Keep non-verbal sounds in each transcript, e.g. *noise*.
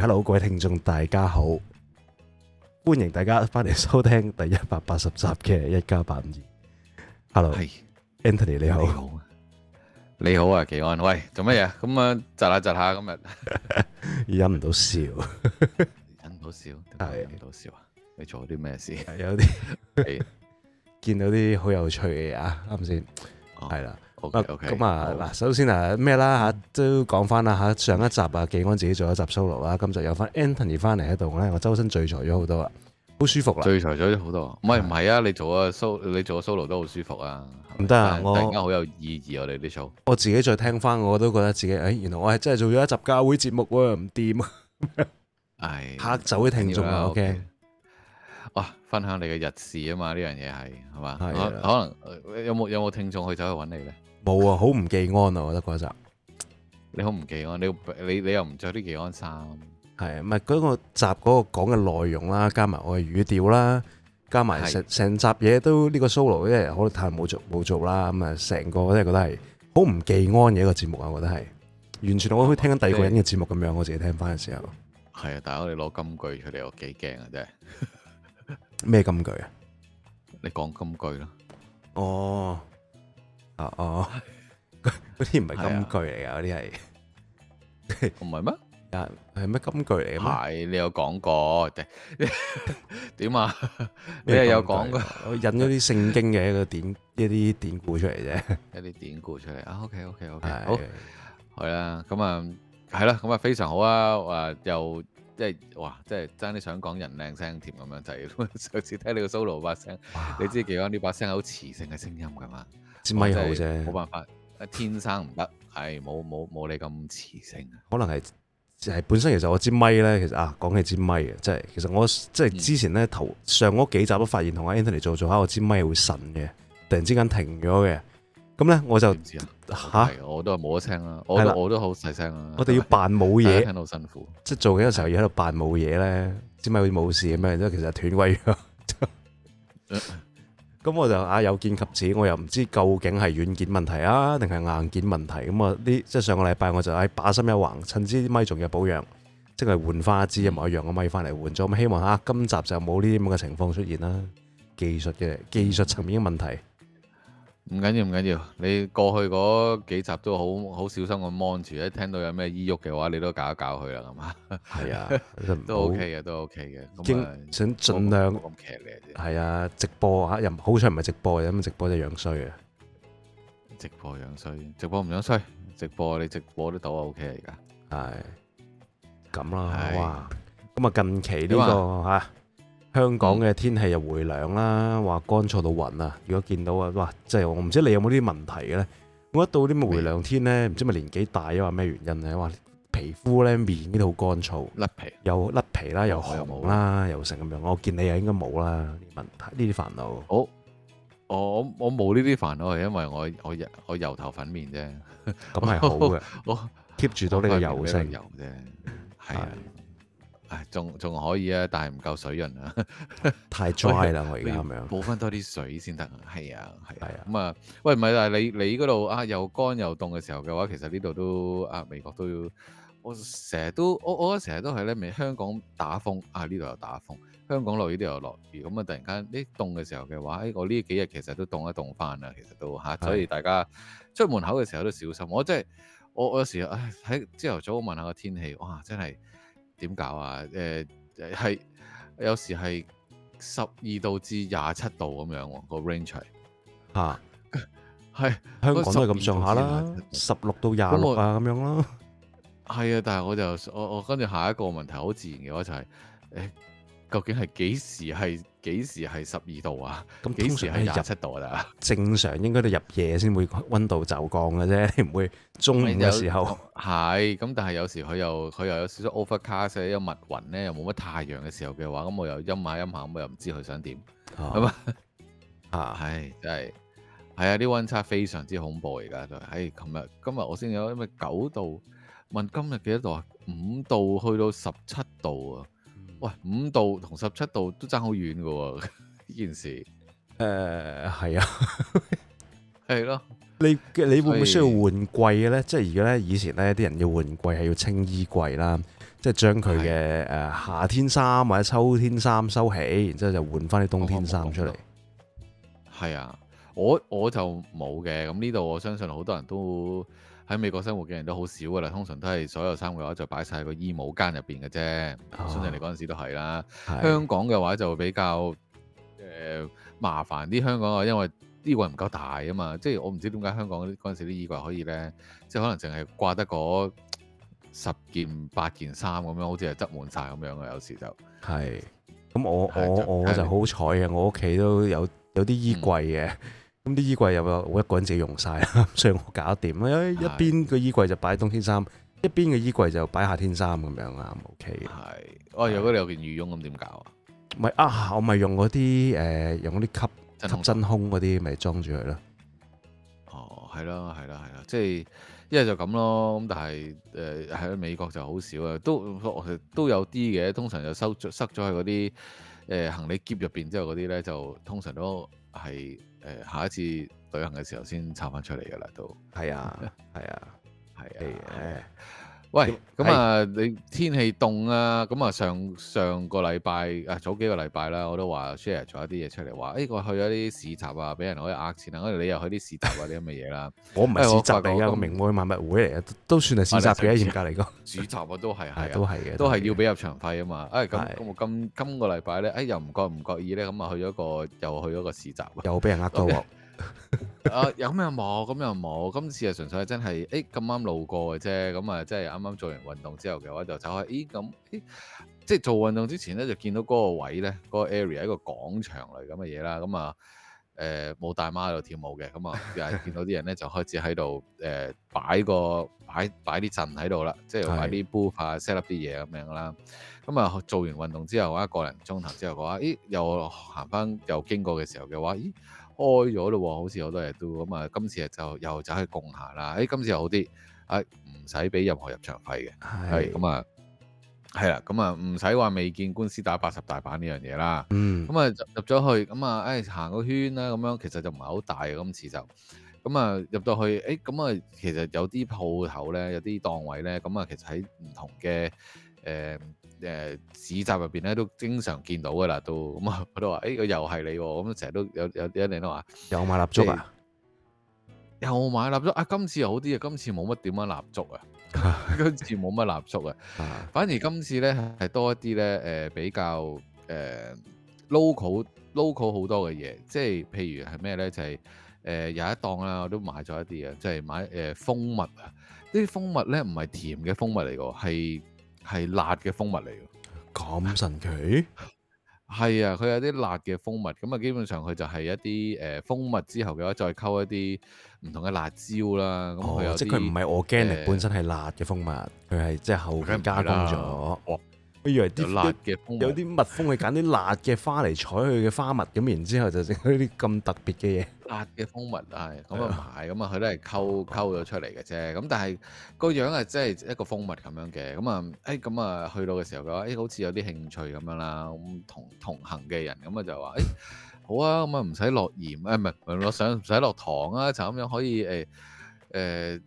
Hello 各位聽眾大家好，歡迎大家翻嚟收聽第一百八十集嘅一家八五二。Hello，係 Anthony 你好，你好，你好啊，奇、啊、安，喂，做乜嘢？咁啊，窒下窒下，今日忍唔到笑，忍 *laughs* 唔到笑，點解係忍唔到笑啊！你做咗啲咩事？有啲， *laughs* 見到啲好有趣嘅嘢啊！啱先，係、oh. 啦。Okay, okay, 啊，咁啊，嗱，首先啊，咩啦嚇，都講翻啦嚇，上一集啊，紀安自己做一集 solo 啊，咁就有翻 Anthony 翻嚟喺度咧，我周身聚財咗好多啊，好舒服啦，聚財咗好多，唔係唔係啊，你做個 solo，你做 solo 都好舒服啊，唔得啊，我突然間好有意義啊，你啲 show 我自己再聽翻我都覺得自己，誒、哎，原來我係真係做咗一集家會節目喎，唔掂啊，啊 *laughs* 哎、拍走啲聽眾啊聽，OK，哇、okay 啊，分享你嘅日事啊嘛，呢樣嘢係係嘛，可能有冇有冇聽眾去走去揾你咧？冇啊，好唔記安啊！我覺得嗰集，你好唔記安，你不安你你又唔着啲記安衫，係啊，唔係嗰集嗰個講嘅內容啦，加埋我嘅語調啦，加埋成成集嘢都呢、這個 solo，因為好太冇做冇做啦，咁啊，成個我都覺得係好唔記安嘅一個節目啊！我覺得係完全我好似聽緊第二個人嘅節目咁樣，我自己聽翻嘅時候，係啊，但係我哋攞金句出嚟，我幾驚啊真係，咩 *laughs* 金句啊？你講金句啦，哦。啊哦，嗰啲唔係金句嚟噶，嗰啲係唔係咩？啊係咩金句嚟？唔、哎、係，你有講過嘅？點 *laughs* 啊？你係有講過？我引咗啲聖經嘅 *laughs* 一個典一啲典故出嚟啫，一啲典故出嚟啊。OK OK OK，是好係啦，咁啊係啦，咁啊非常好啊。啊又即係哇，即係爭啲想講人靚聲甜咁樣就係、是。上次聽你個 solo 把聲，啊、你知記得呢把聲好磁性嘅聲音噶嘛？支咪好啫，冇辦法，天生唔得，係冇冇冇你咁磁性。可能係係本身其我的其、啊我的是，其實我支咪咧，其實啊，講起支咪嘅，即係其實我即係之前咧頭上嗰幾集都發現，同阿 Anthony 做做下，我支咪係會神嘅，突然之間停咗嘅。咁咧我就嚇、啊，我都係冇得聲啦，我都我都好細聲啦。我哋要扮冇嘢， *laughs* 聽到辛苦，即、就、係、是、做緊嘅時候要喺度扮冇嘢咧，支咪好似冇事咁樣，即係其實斷威咗。 *laughs* *laughs* 咁我就啊有見及此，我又唔知究竟係軟件問題啊，定係硬件問題。咁我呢，即係上個禮拜我就喺把心一橫，趁支麥仲有保養，即係換花枝，又一模一樣個麥翻嚟換咗。咁希望啊，今集就冇呢啲咁嘅情況出現啦。技術嘅技術層面嘅問題。唔緊要唔緊要，你過去嗰幾集都好好小心咁望住，一聽到有咩醫郁嘅話，你都搞一搞佢啦，咁嘛、啊？係啊，都 OK 嘅，都 OK 嘅。經想盡量，係啊，直播啊，又好彩唔係直播，因為直播就係樣衰嘅。直播樣衰，直播唔樣衰，直播你直播都到啊，OK 啊，而家係咁啦，哇！咁、這個、啊，近期呢個吓。香港嘅天氣又回涼啦，話乾燥到暈啊！如果見到啊，哇，即係我唔知你有冇呢啲問題咧？我一到啲回涼天咧，唔知咪年紀大啊，話咩原因啊？話皮膚咧、面咧都好乾燥，甩皮又甩皮啦，又毛啦，又成咁樣。我見你又應該冇啦。呢啲問題，呢啲煩惱。好，我我冇呢啲煩惱，係因為我我油我油頭粉面啫，咁 *laughs* 係好嘅。我 keep 住到呢個油性，油啫，係 *laughs* 唉，仲仲可以啊，但係唔夠水潤啊， *laughs* 太 dry 啦，我而家咁樣補翻多啲水先得啊，係啊，係啊，咁啊，喂，唔係，但係你你嗰度啊又乾又凍嘅時候嘅話，其實呢度都啊美國都要，我成日都我我成日都係咧，咪香港打風啊，呢度又打風，香港落雨呢度又落雨，咁啊突然間呢凍嘅時候嘅話，唉，我呢幾日其實都凍一凍翻啊，其實都吓、啊，所以大家出門口嘅時候都小心，我真係，我我有時候唉喺朝頭早問下個天氣，哇，真係～點搞啊？誒誒係有時係十二度至廿七度咁樣喎，個 range 吓，係、啊、 *laughs* 香港都係咁上下啦，十六到廿六啊咁樣咯。係啊，但係我就我我跟住下一個問題好自然嘅話就係、係、誒。哎究竟係幾時？係幾時？係十二度啊！咁幾時係廿七度啊！正常應該都入夜先會溫度走降嘅啫，你唔會中午嘅時候。係咁，但係有時佢又佢又有少少 overcast，有密雲咧，又冇乜太陽嘅時候嘅話，咁我又陰下陰下，咁我又唔知佢想點。咁啊啊！唉，真係係啊！啲溫差非常之恐怖而家。唉，琴日今日我先有，因為九度問今日幾多度啊？五度去到十七度啊！喂，五度同十七度都差好遠噶喎！呢件事，誒、呃，係啊，係 *laughs* 咯。你，你會唔會需要換季嘅咧？即係而家咧，以前咧，啲人要換季係要清衣櫃啦，即係將佢嘅誒夏天衫或者秋天衫收起，然之後就換翻啲冬天衫出嚟。係啊，我我就冇嘅。咁呢度我相信好多人都。喺美國生活嘅人都好少噶啦，通常都係所有衫嘅話就擺晒喺個衣帽間入邊嘅啫。相、啊、信你嗰陣時都係啦。香港嘅話就會比較誒、呃、麻煩啲，香港啊，因為衣櫃唔夠大啊嘛。即係我唔知點解香港嗰陣時啲衣櫃可以咧，即係可能淨係掛得嗰十件八件衫咁樣，好似係執滿晒咁樣啊。有時就係咁，我我我就好彩啊！我屋企都有有啲衣櫃嘅。嗯咁啲衣櫃又有我一個人自己用晒啦，所以我搞掂。一邊個衣櫃就擺冬天衫，一邊嘅衣櫃就擺夏天衫咁樣啊，OK。係，哦，如果你有件羽絨咁點搞啊？唔係啊，我咪用嗰啲誒，用嗰啲吸吸真空嗰啲，咪裝住佢咯。哦，係啦，係啦，係啦，即係一係就咁、是、咯。咁但係誒喺美國就好少啊，都都有啲嘅，通常就收塞咗喺嗰啲誒行李篋入邊之後，嗰啲咧就通常都係。誒，下一次旅行嘅時候先抄翻出嚟㗎喇，都係啊，係 *laughs* 啊，係啊。Hey. Okay. 喂，咁啊，你天氣凍啊，咁啊上上個禮拜啊，早幾個禮拜啦，我都話 share 咗一啲嘢出嚟話，誒，我去咗啲市集啊，俾人可以呃錢啊，我哋你又去啲市集啊啲咁嘅嘢啦，我唔係市集嚟㗎，我名愛萬物會嚟嘅，都算係市集嘅，嚴格嚟講。市集我都係係啊，都係嘅，都係要俾入場費啊嘛。誒，咁咁今今個禮拜咧，誒又唔覺唔覺意咧，咁啊去咗個又去咗個市集，又俾人呃到。 *laughs* 啊，有咩冇？咁又冇。今次啊，純粹係真係，誒咁啱路過嘅啫。咁啊，即係啱啱做完運動之後嘅話就開、欸欸，就走開。咦，咁，咦，即係做運動之前咧，就見到嗰個位咧，嗰、嗰個 area 係一個廣場嚟咁嘅嘢啦。咁啊，誒、呃，冇大媽喺度跳舞嘅。咁啊，又係見到啲人咧，就開始喺度誒擺個擺擺啲陣喺度啦，即係擺啲 booth 啊，set up 啲嘢咁樣啦。咁啊，做完運動之後啊，一個零鐘頭之後嘅話，咦、欸，又行翻又經過嘅時候嘅話，咦、欸？開咗咯喎，好似好多嘢都咁啊！今次就又走去共下啦。誒、哎，今次又好啲，唔使俾任何入場費嘅，係咁啊，係啦，咁啊，唔使話未見官司打八十大板呢樣嘢啦。嗯，咁啊入咗去，咁啊誒行個圈啦，咁樣其實就唔係好大嘅。今次就咁啊入到去，誒咁啊其實有啲鋪頭咧，有啲檔位咧，咁啊其實喺唔同嘅誒。呃誒、呃、市集入邊咧都經常見到㗎喇，都咁、嗯欸、啊，我都話：，誒個又係你，咁成日都有有啲人都話，又買蠟燭啊，欸、又買蠟燭啊，今次又好啲啊，今次冇乜點樣蠟燭啊， *laughs* 今次冇乜蠟燭啊， *laughs* 反而今次咧係 *laughs* 多一啲咧，誒、呃、比較誒、呃、local local 好多嘅嘢，即係譬如係咩咧，就係、是、誒、呃、有一檔啦、啊，我都買咗一啲啊，即、就、係、是、買誒、呃、蜂蜜啊，呢啲蜂蜜咧唔係甜嘅蜂蜜嚟嘅，係。係辣嘅蜂蜜嚟㗎，咁神奇？係啊，佢有啲辣嘅蜂蜜，咁啊基本上佢就係一啲誒蜂蜜之後嘅話，再溝一啲唔同嘅辣椒啦、哦。哦，即係佢唔係 organic 本身係辣嘅蜂蜜，佢係即係後面加工咗。我以為啲有啲有啲蜜蜂係揀啲辣嘅花嚟採佢嘅花蜜，咁然之後就整啲咁特別嘅嘢。辣嘅蜂蜜係咁啊？唔係，咁啊佢都係溝溝咗出嚟嘅啫。咁但係個樣啊，即係一個蜂蜜咁樣嘅。咁啊，誒咁啊去到嘅時候嘅話，誒、欸、好似有啲興趣咁樣啦。咁同同行嘅人咁啊就話誒、欸、好啊，咁啊唔使落鹽啊，唔係唔落上唔使落糖啊，就咁樣可以誒誒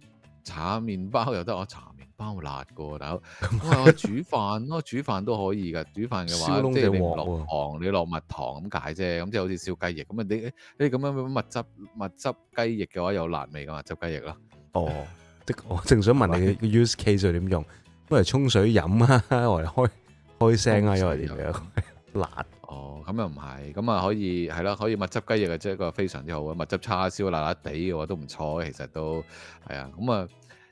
搽麵包又得我搽。包辣噶，但係煮飯咯，煮飯都 *laughs* 可以噶。煮飯嘅話，即係你落糖，你落蜜糖咁解啫。咁即係好似燒雞翼咁啊！你你咁樣蜜汁蜜汁雞翼嘅話，有辣味噶嘛？蜜汁雞翼咯。哦，即我正想問你嘅 use case 係點用？不如沖水飲啊，我嚟開開聲啊，因為點樣？ *laughs* 辣。哦，咁又唔係。咁啊，可以係啦，可以蜜汁雞翼嘅，即係一個非常之好嘅蜜汁叉燒，辣辣地嘅話都唔錯。其實都係啊。咁啊。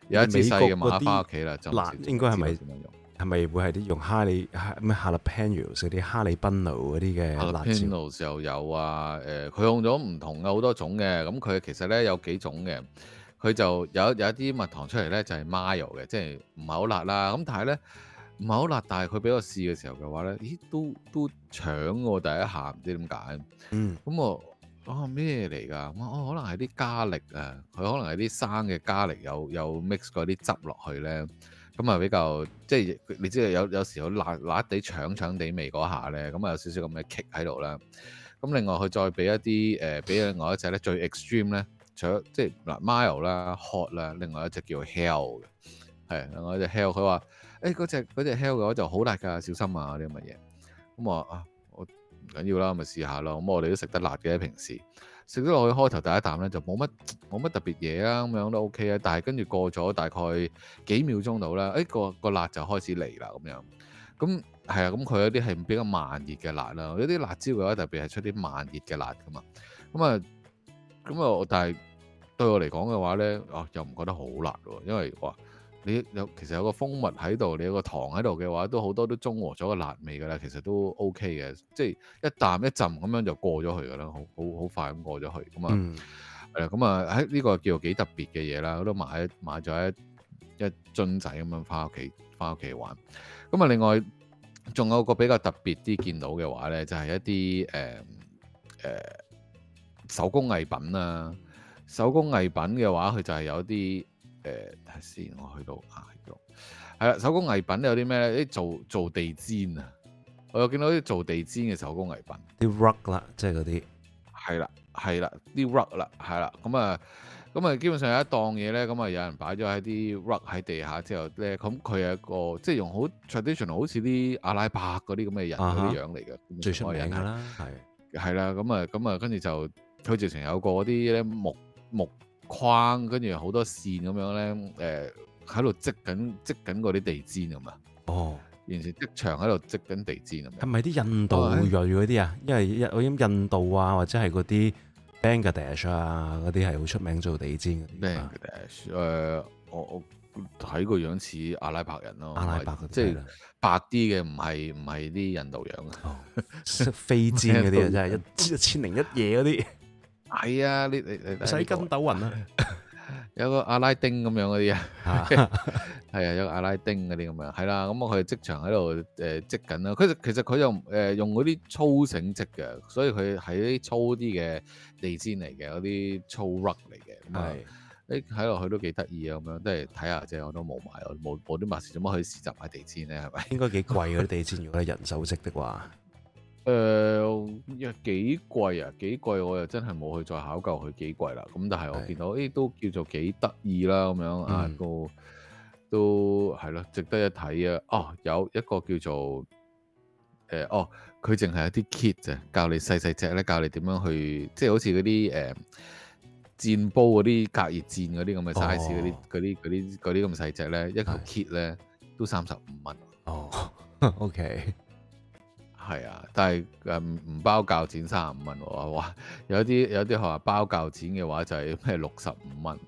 有一啲細嘅買翻屋企啦，辣就辣，應該係咪用，係咪會係啲用哈利咩哈利賓奴食啲哈利賓奴嗰啲嘅辣椒，時候有啊？誒、呃，佢用咗唔同嘅好多種嘅，咁佢其實咧有幾種嘅，佢就有有一啲蜜糖出嚟咧，就係 mayo 嘅，即係唔係好辣啦。咁但係咧唔係好辣，但係佢俾我試嘅時候嘅話咧，咦都都搶喎！第一下唔知點解。嗯。咁我。哦，咩嚟㗎？我、哦、可能係啲加力啊，佢可能係啲生嘅加力，有有 mix 嗰啲汁落去咧，咁啊比較即係、就是，你知道有有時候辣辣地、長長地味嗰下咧，咁啊有少少咁嘅 kick 喺度啦。咁另外佢再俾一啲誒，俾、呃、另外一隻咧最 extreme 咧，除咗即係嗱 mild 啦、就是、mild, hot 啦，另外一 hell，說、欸、隻叫 hell 嘅，係另外一隻 hell。佢話：誒嗰隻隻 hell 嘅話就好辣㗎，小心啊啲咁嘅嘢。咁我啊～唔緊要啦，咪試下咯。咁我哋都食得辣嘅，平時食咗落去開頭第一啖咧，就冇乜冇乜特別嘢啊，咁樣都 OK 啊。但係跟住過咗大概幾秒鐘到啦，誒個辣就開始嚟啦，咁樣咁係啊。咁佢有啲係比較慢熱嘅辣啦，有啲辣椒嘅話特別係出啲慢熱嘅辣㗎嘛。咁啊咁啊，但係對我嚟講嘅話咧，哦又唔覺得好辣喎，因為哇你有其實有個蜂蜜喺度，你有個糖喺度嘅話，都好多都中和咗個辣味噶啦。其實都 OK 嘅，即係一啖一浸咁樣就過咗去噶啦，好好好快咁過咗去。咁啊，誒咁啊喺呢個叫做幾特別嘅嘢啦，我都買買咗一一樽仔咁樣翻屋企翻屋企玩。咁啊，另外仲有個比較特別啲見到嘅話咧，就係一啲誒誒手工藝品啊。手工藝品嘅話，佢就係有啲。誒睇先，我去到啊度，係、啊、啦，手工藝品有啲咩咧？啲做做地氈啊，我又見到啲做地氈嘅手工藝品，啲 rug 啦，即係嗰啲係啦，係啦，啲 rug 啦，係啦，咁啊，咁啊，基本上有一檔嘢咧，咁啊，有人擺咗喺啲 rug 喺地下之後咧，咁佢係一個即係用好 traditional，好似啲阿拉伯嗰啲咁嘅人嗰啲、啊、樣嚟嘅，最出名啦，係係啦，咁啊，咁啊，跟住就佢直情有個啲咧木木木框跟住好多線咁樣咧，誒、呃、喺度織緊織緊嗰啲地氈咁啊！哦，完全即場喺度織緊地氈。係咪啲印度裔嗰啲啊？因為印我印度啊，或者係嗰啲 Bangladesh 啊嗰啲係好出名做地氈。咩？誒、呃、我我睇個樣似阿拉伯人咯，阿拉伯即係白啲嘅，唔係唔係啲印度樣嘅。飛氈嗰啲真係一一千零一夜嗰啲。 *noise* 係啊，你你你使筋斗雲啊， *laughs* 有個阿拉丁咁樣嗰啲啊，係 *laughs* 啊，有個阿拉丁嗰啲咁樣，係啦、啊，咁我佢即場喺度誒織緊啦。佢其實佢又誒用嗰啲粗繩織嘅，所以佢係啲粗啲嘅地氈嚟嘅，嗰啲粗 rug 嚟嘅。咁、嗯、係，你睇落去都幾得意啊，咁樣都係睇下即啫。我都冇買，冇冇啲墨錢，做乜去市集買地氈咧？係咪？應該幾貴嗰啲地氈， *laughs* 如果係人手織的話。誒、呃，幾貴啊？幾貴，我又真係冇去再考究佢幾貴啦。咁但係我見到，誒都叫做幾得意啦，咁樣、嗯、啊，都都係咯，值得一睇啊。哦，有一個叫做誒、呃，哦，佢淨係一啲 kit 啫，教你細細隻咧，教你點樣去，即係好似嗰啲誒鑽煲嗰啲隔熱鑽嗰啲咁嘅 size 嗰啲嗰啲啲啲咁細隻咧，一嚿 kit 咧都三十五蚊。哦，OK。 *laughs* *laughs* 係啊，但係誒唔唔包教錢三十五蚊喎，有啲有啲學話包教錢嘅話就係咩六十五蚊，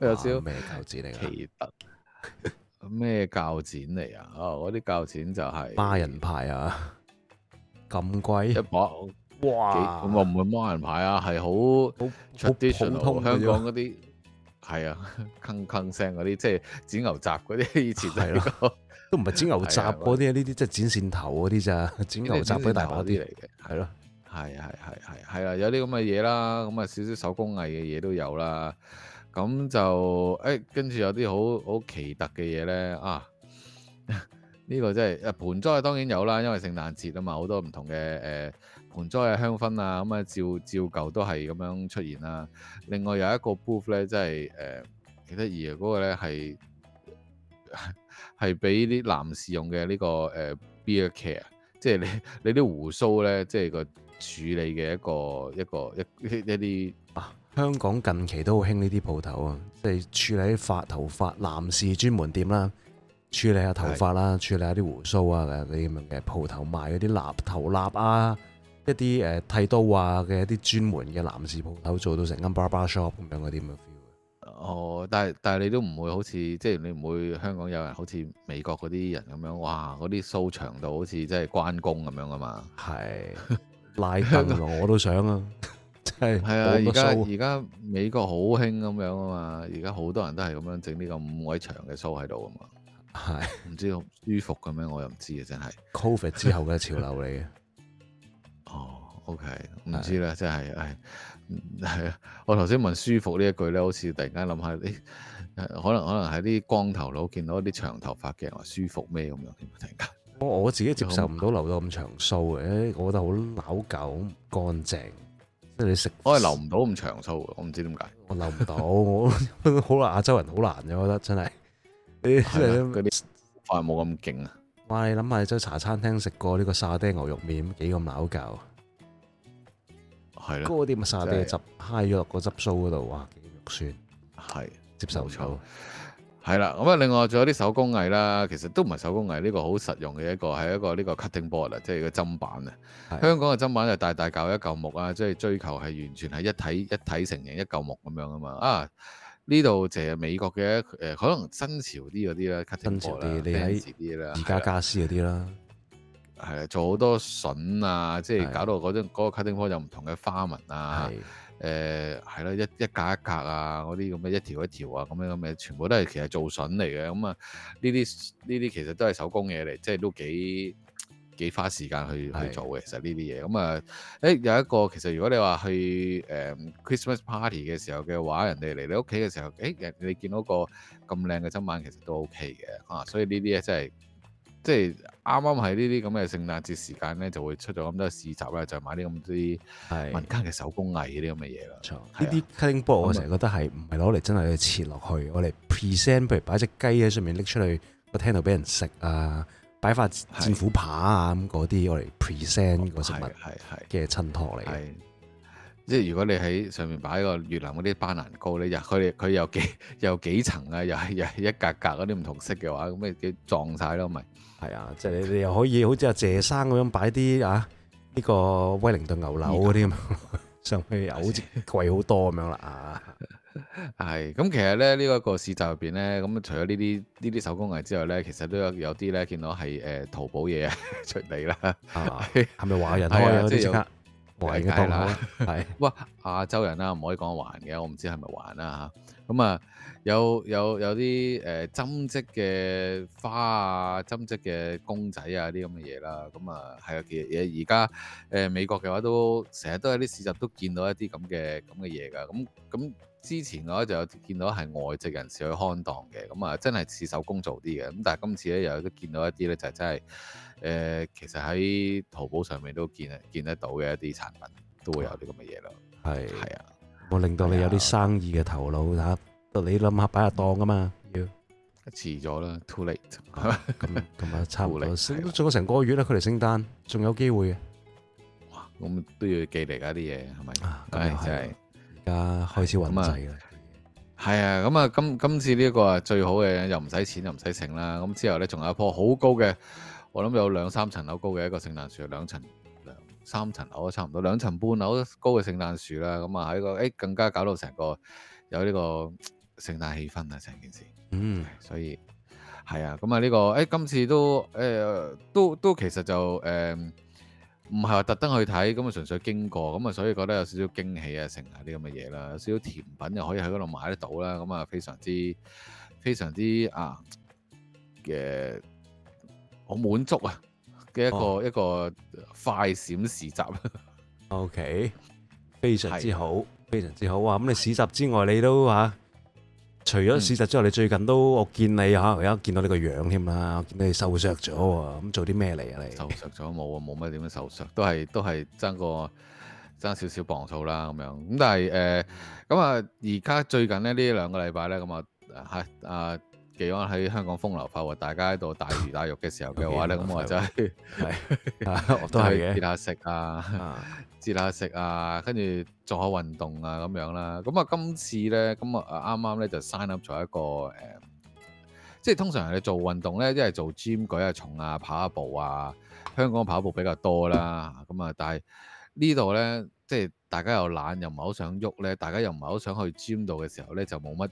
有少咩教錢嚟嘅？奇特咩教錢嚟啊？哦，嗰啲教錢就係、是、巴人牌啊！咁貴一包哇！咁我唔會摸人牌啊，係好好 traditional 好普通香港嗰啲係啊，坑坑聲嗰啲，即係剪牛雜嗰啲，以前係咯、嗰個。 *laughs* 都唔係剪牛雜嗰啲啊！呢啲即係剪線頭嗰啲咋？剪牛雜俾大夥啲嚟嘅，係咯，係係係係係啊！有啲咁嘅嘢啦，咁啊少少手工藝嘅嘢都有啦。咁就誒，跟、欸、住有啲好好奇特嘅嘢咧啊！呢、這個真係誒盆栽當然有啦，因為聖誕節啊嘛，好多唔同嘅誒、呃、盆栽嘅香薰啊咁啊，照照舊都係咁樣出現啦。另外有一個 booth 咧，真係誒幾得意嘅嗰個咧係。呃係畀啲男士用嘅呢個誒 beauty care，即係你你啲鬍鬚咧，即係個處理嘅一個一個一一啲啊！香港近期都好興呢啲鋪頭啊，即係處理啲髮頭髮男士專門店啦，處理下頭髮啦，處理下啲鬍鬚啊嘅啲咁嘅鋪頭賣嗰啲蠟頭蠟啊，一啲誒剃刀啊嘅一啲專門嘅男士鋪頭做到成間 barber shop 咁樣嗰啲咁。哦，但係但係你都唔會好似，即係你唔會香港有人好似美國嗰啲人咁樣，哇嗰啲鬚長到好似即係關公咁樣啊嘛，係拉筋我都想啊，係係啊，而家而家美國好興咁樣啊嘛，而家好多人都係咁樣整呢個五位長嘅鬚喺度啊嘛，係 *laughs* 唔知好舒服嘅咩？我又唔知啊，真係。 *laughs* COVID 之後嘅潮流嚟嘅， *laughs* 哦。O K，唔知啦，真係，係，係啊！我頭先問舒服呢一句咧，好似突，突然間諗下，你，可能可能喺啲光頭佬見到啲長頭髮嘅話舒服咩咁樣？點解？我我自己接受唔到留到咁長鬚嘅，我覺得好扭舊、乾淨。即係你食，我係留唔到咁長鬚我唔知點解。我留唔到，我好亞洲人好難，我覺得，你我我 *laughs* 我我我覺得真係，即係嗰啲髮冇咁勁啊！哇，你諗下，喺茶餐廳食過呢、這個沙爹牛肉麵，幾咁扭舊啊！係啦，啲咪剎啲嘅汁揩咗落個汁蘇嗰度，啊。幾肉酸，係接受到。係啦，咁啊，另外仲有啲手工藝啦，其實都唔係手工藝，呢、呢個好實用嘅一個，係一個呢個 cutting board 啦，即係個砧板啊。香港嘅砧板就大大搞一嚿木啊，即、就、係、係、追求係完全係一體一體成型一嚿木咁樣啊嘛。啊，呢度就係美國嘅誒、呃，可能新潮啲嗰啲啦，cutting board 啲啦，宜家家私嗰啲啦。係啊，做好多筍啊，即係搞到嗰、那、張、個那個 cutting board 有唔同嘅花紋啊，誒係咯，一一格一格啊，嗰啲咁嘅一條一條啊，咁樣咁嘅，全部都係其實做筍嚟嘅，咁啊呢啲呢啲其實都係手工嘢嚟，即係都幾幾花時間去去做嘅。其實呢啲嘢，咁啊誒有一個其實如果你話去誒、呃、Christmas party 嘅時候嘅話，人哋嚟你屋企嘅時候，誒、欸、你見到個咁靚嘅砧板，其實都 OK 嘅啊，所以呢啲嘢真係。即係啱啱喺呢啲咁嘅聖誕節時間咧，就會出咗咁多市集啦，就是、買啲咁啲民間嘅手工藝嗰啲咁嘅嘢啦。錯，呢啲 cutting board 我成日覺得係唔係攞嚟真係切落去，我嚟 present，譬如擺隻雞喺上面拎出去，出去個廳度俾人食啊，擺塊戰斧扒啊咁嗰啲我嚟 present 個食物嘅襯托嚟嘅。即係如果你喺上面擺個越南嗰啲班蘭糕咧，又佢哋佢有幾又幾層啊，又係又係一格格嗰啲唔同色嘅話，咁你撞晒咯，咪係啊？嗯、即係你你又可以好似阿謝生咁樣擺啲啊呢、呢個威靈頓牛柳嗰啲咁樣， *laughs* 上去又好似貴好多咁樣啦啊！係 *laughs* 咁，其實咧呢一、呢個市集入邊咧，咁除咗呢啲呢啲手工藝之外咧，其實都有有啲咧見到係誒淘寶嘢出嚟啦，係、啊、咪華人開嗰啲先、啊？就係有唔啦，係哇，亞洲人啦，唔可以講還嘅，我唔知係咪還啦嚇。咁啊，有有有啲誒針織嘅花啊，針織嘅公仔啊，啲咁嘅嘢啦。咁啊，係啊，其實而家誒美國嘅話都，都成日都喺啲市集都見到一啲咁嘅咁嘅嘢㗎。咁咁之前嘅話就有見到係外籍人士去看檔嘅，咁啊真係似手工做啲嘅。咁但係今次咧又都見到一啲咧就係、真係。誒，其實喺淘寶上面都見啊，見得到嘅一啲產品都會有啲咁嘅嘢咯。係、哦、係啊，我、啊哦、令到你有啲生意嘅頭腦嚇。你諗下擺下檔啊嘛，要遲咗啦，too late。咁 *laughs* 咁啊，差唔多都做咗成個月啦。佢哋升單仲有機會嘅。哇！咁都要寄嚟噶啲嘢係咪？咁又係而家開始揾仔啦。係啊，咁啊今今次呢一個啊最好嘅，又唔使錢又唔使請啦。咁之後咧仲有一樖好高嘅。我諗有兩三層樓高嘅一個聖誕樹，兩層兩三層樓都差唔多，兩層半樓高嘅聖誕樹啦。咁啊喺個誒更加搞到成個有呢個聖誕氣氛啊！成件事，嗯，所以係啊，咁啊呢個誒、哎、今次都誒、呃、都都其實就誒唔係話特登去睇，咁啊純粹經過，咁啊所以覺得有少少驚喜啊，剩下啲咁嘅嘢啦，有少少甜品就可以喺嗰度買得到啦，咁啊非常之非常之啊嘅。好滿足啊！嘅一個、哦、一個快閃市集，OK，非常之好，非常之好之啊！咁你市集之外，你都嚇除咗市集之外，你最近都、嗯、我見你嚇，而、啊、家見到你個樣添、嗯、啊。見你瘦削咗喎。咁做啲咩嚟啊？你瘦削咗冇啊？冇乜點樣瘦削，都係都係爭個爭少少磅數啦咁樣。咁但係誒咁啊，而、呃、家最近呢，呢兩個禮拜咧咁啊嚇啊！啊幾可喺香港風流快活，大家喺度大魚大肉嘅時候嘅話咧，咁、okay, 我真係 *laughs* *laughs* 我都係節下食啊，節、啊、下食啊，跟住做下運動啊咁樣啦。咁啊，今次咧，咁啊啱啱咧就 sign up 咗一個誒，即、嗯、係、就是、通常你做運動咧，一係做 gym 舉下重啊，跑下步啊，香港跑步比較多啦。咁啊，但係呢度咧，即、就、係、是、大家又懶，又唔係好想喐咧，大家又唔係好想去 gym 度嘅時候咧，就冇乜。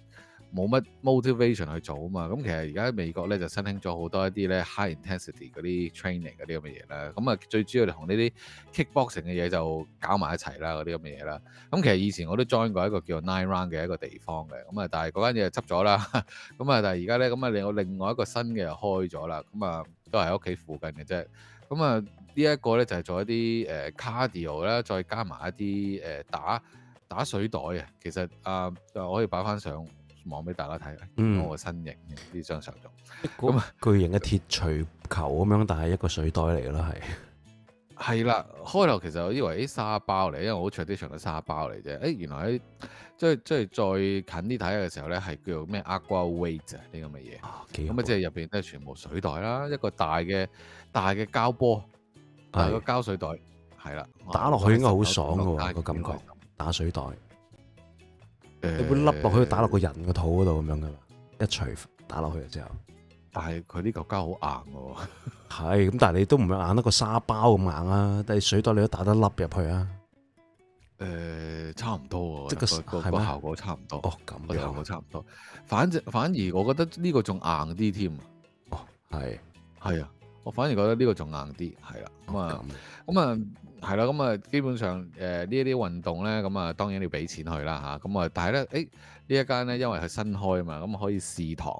冇乜 motivation 去做啊嘛，咁其實而家喺美國咧就新興咗好多一啲咧 high intensity 嗰啲 training 嗰啲咁嘅嘢啦，咁啊最主要係同呢啲 kickboxing 嘅嘢就搞埋一齊啦，嗰啲咁嘅嘢啦。咁其實以前我都 join 過一個叫 nine round 嘅一個地方嘅，咁啊但係嗰間嘢執咗啦，咁 *laughs* 啊但係而家咧咁啊有另外一個新嘅又開咗啦，咁啊都係喺屋企附近嘅啫。咁啊呢一個咧就係、是、做一啲、呃、cardio 啦，再加埋一啲、呃、打打水袋啊。其實啊、呃、我可以擺翻上。望俾大家睇下，我個身形呢張相做咁巨型嘅鐵錘球咁樣，但係一個水袋嚟嘅啦，係係啦。開頭其實我以為啲沙包嚟，因為我好著啲長嘅沙包嚟啫。誒、哎，原來即係即係再近啲睇嘅時候咧，係叫做咩 Aquaweight 啊，啲咁嘅嘢。咁啊，即係入邊都係全部水袋啦，一個大嘅大嘅膠波，係個膠水袋，係啦，打落去應該好爽嘅喎，個感覺打水袋。你會凹落去打落個人個肚嗰度咁樣噶喇，一錘打落去之後，但係佢呢膠膠好硬嘅、啊， *laughs* 係咁但係你都唔會硬得個沙包咁硬啊，但係水袋你都打得凹入去啊，誒、欸、差唔多啊，即個、嗰個效果差唔多，哦咁嘅效果差唔多，反正反而我覺得呢個仲硬啲添，哦係係啊，我反而覺得呢個仲硬啲係啦，咁啊咁啊。哦係咯，咁啊，基本上誒呢一啲運動咧，咁啊當然要俾錢去啦嚇。咁啊，但係咧，誒呢一間咧，因為係新開啊嘛，咁可以試堂。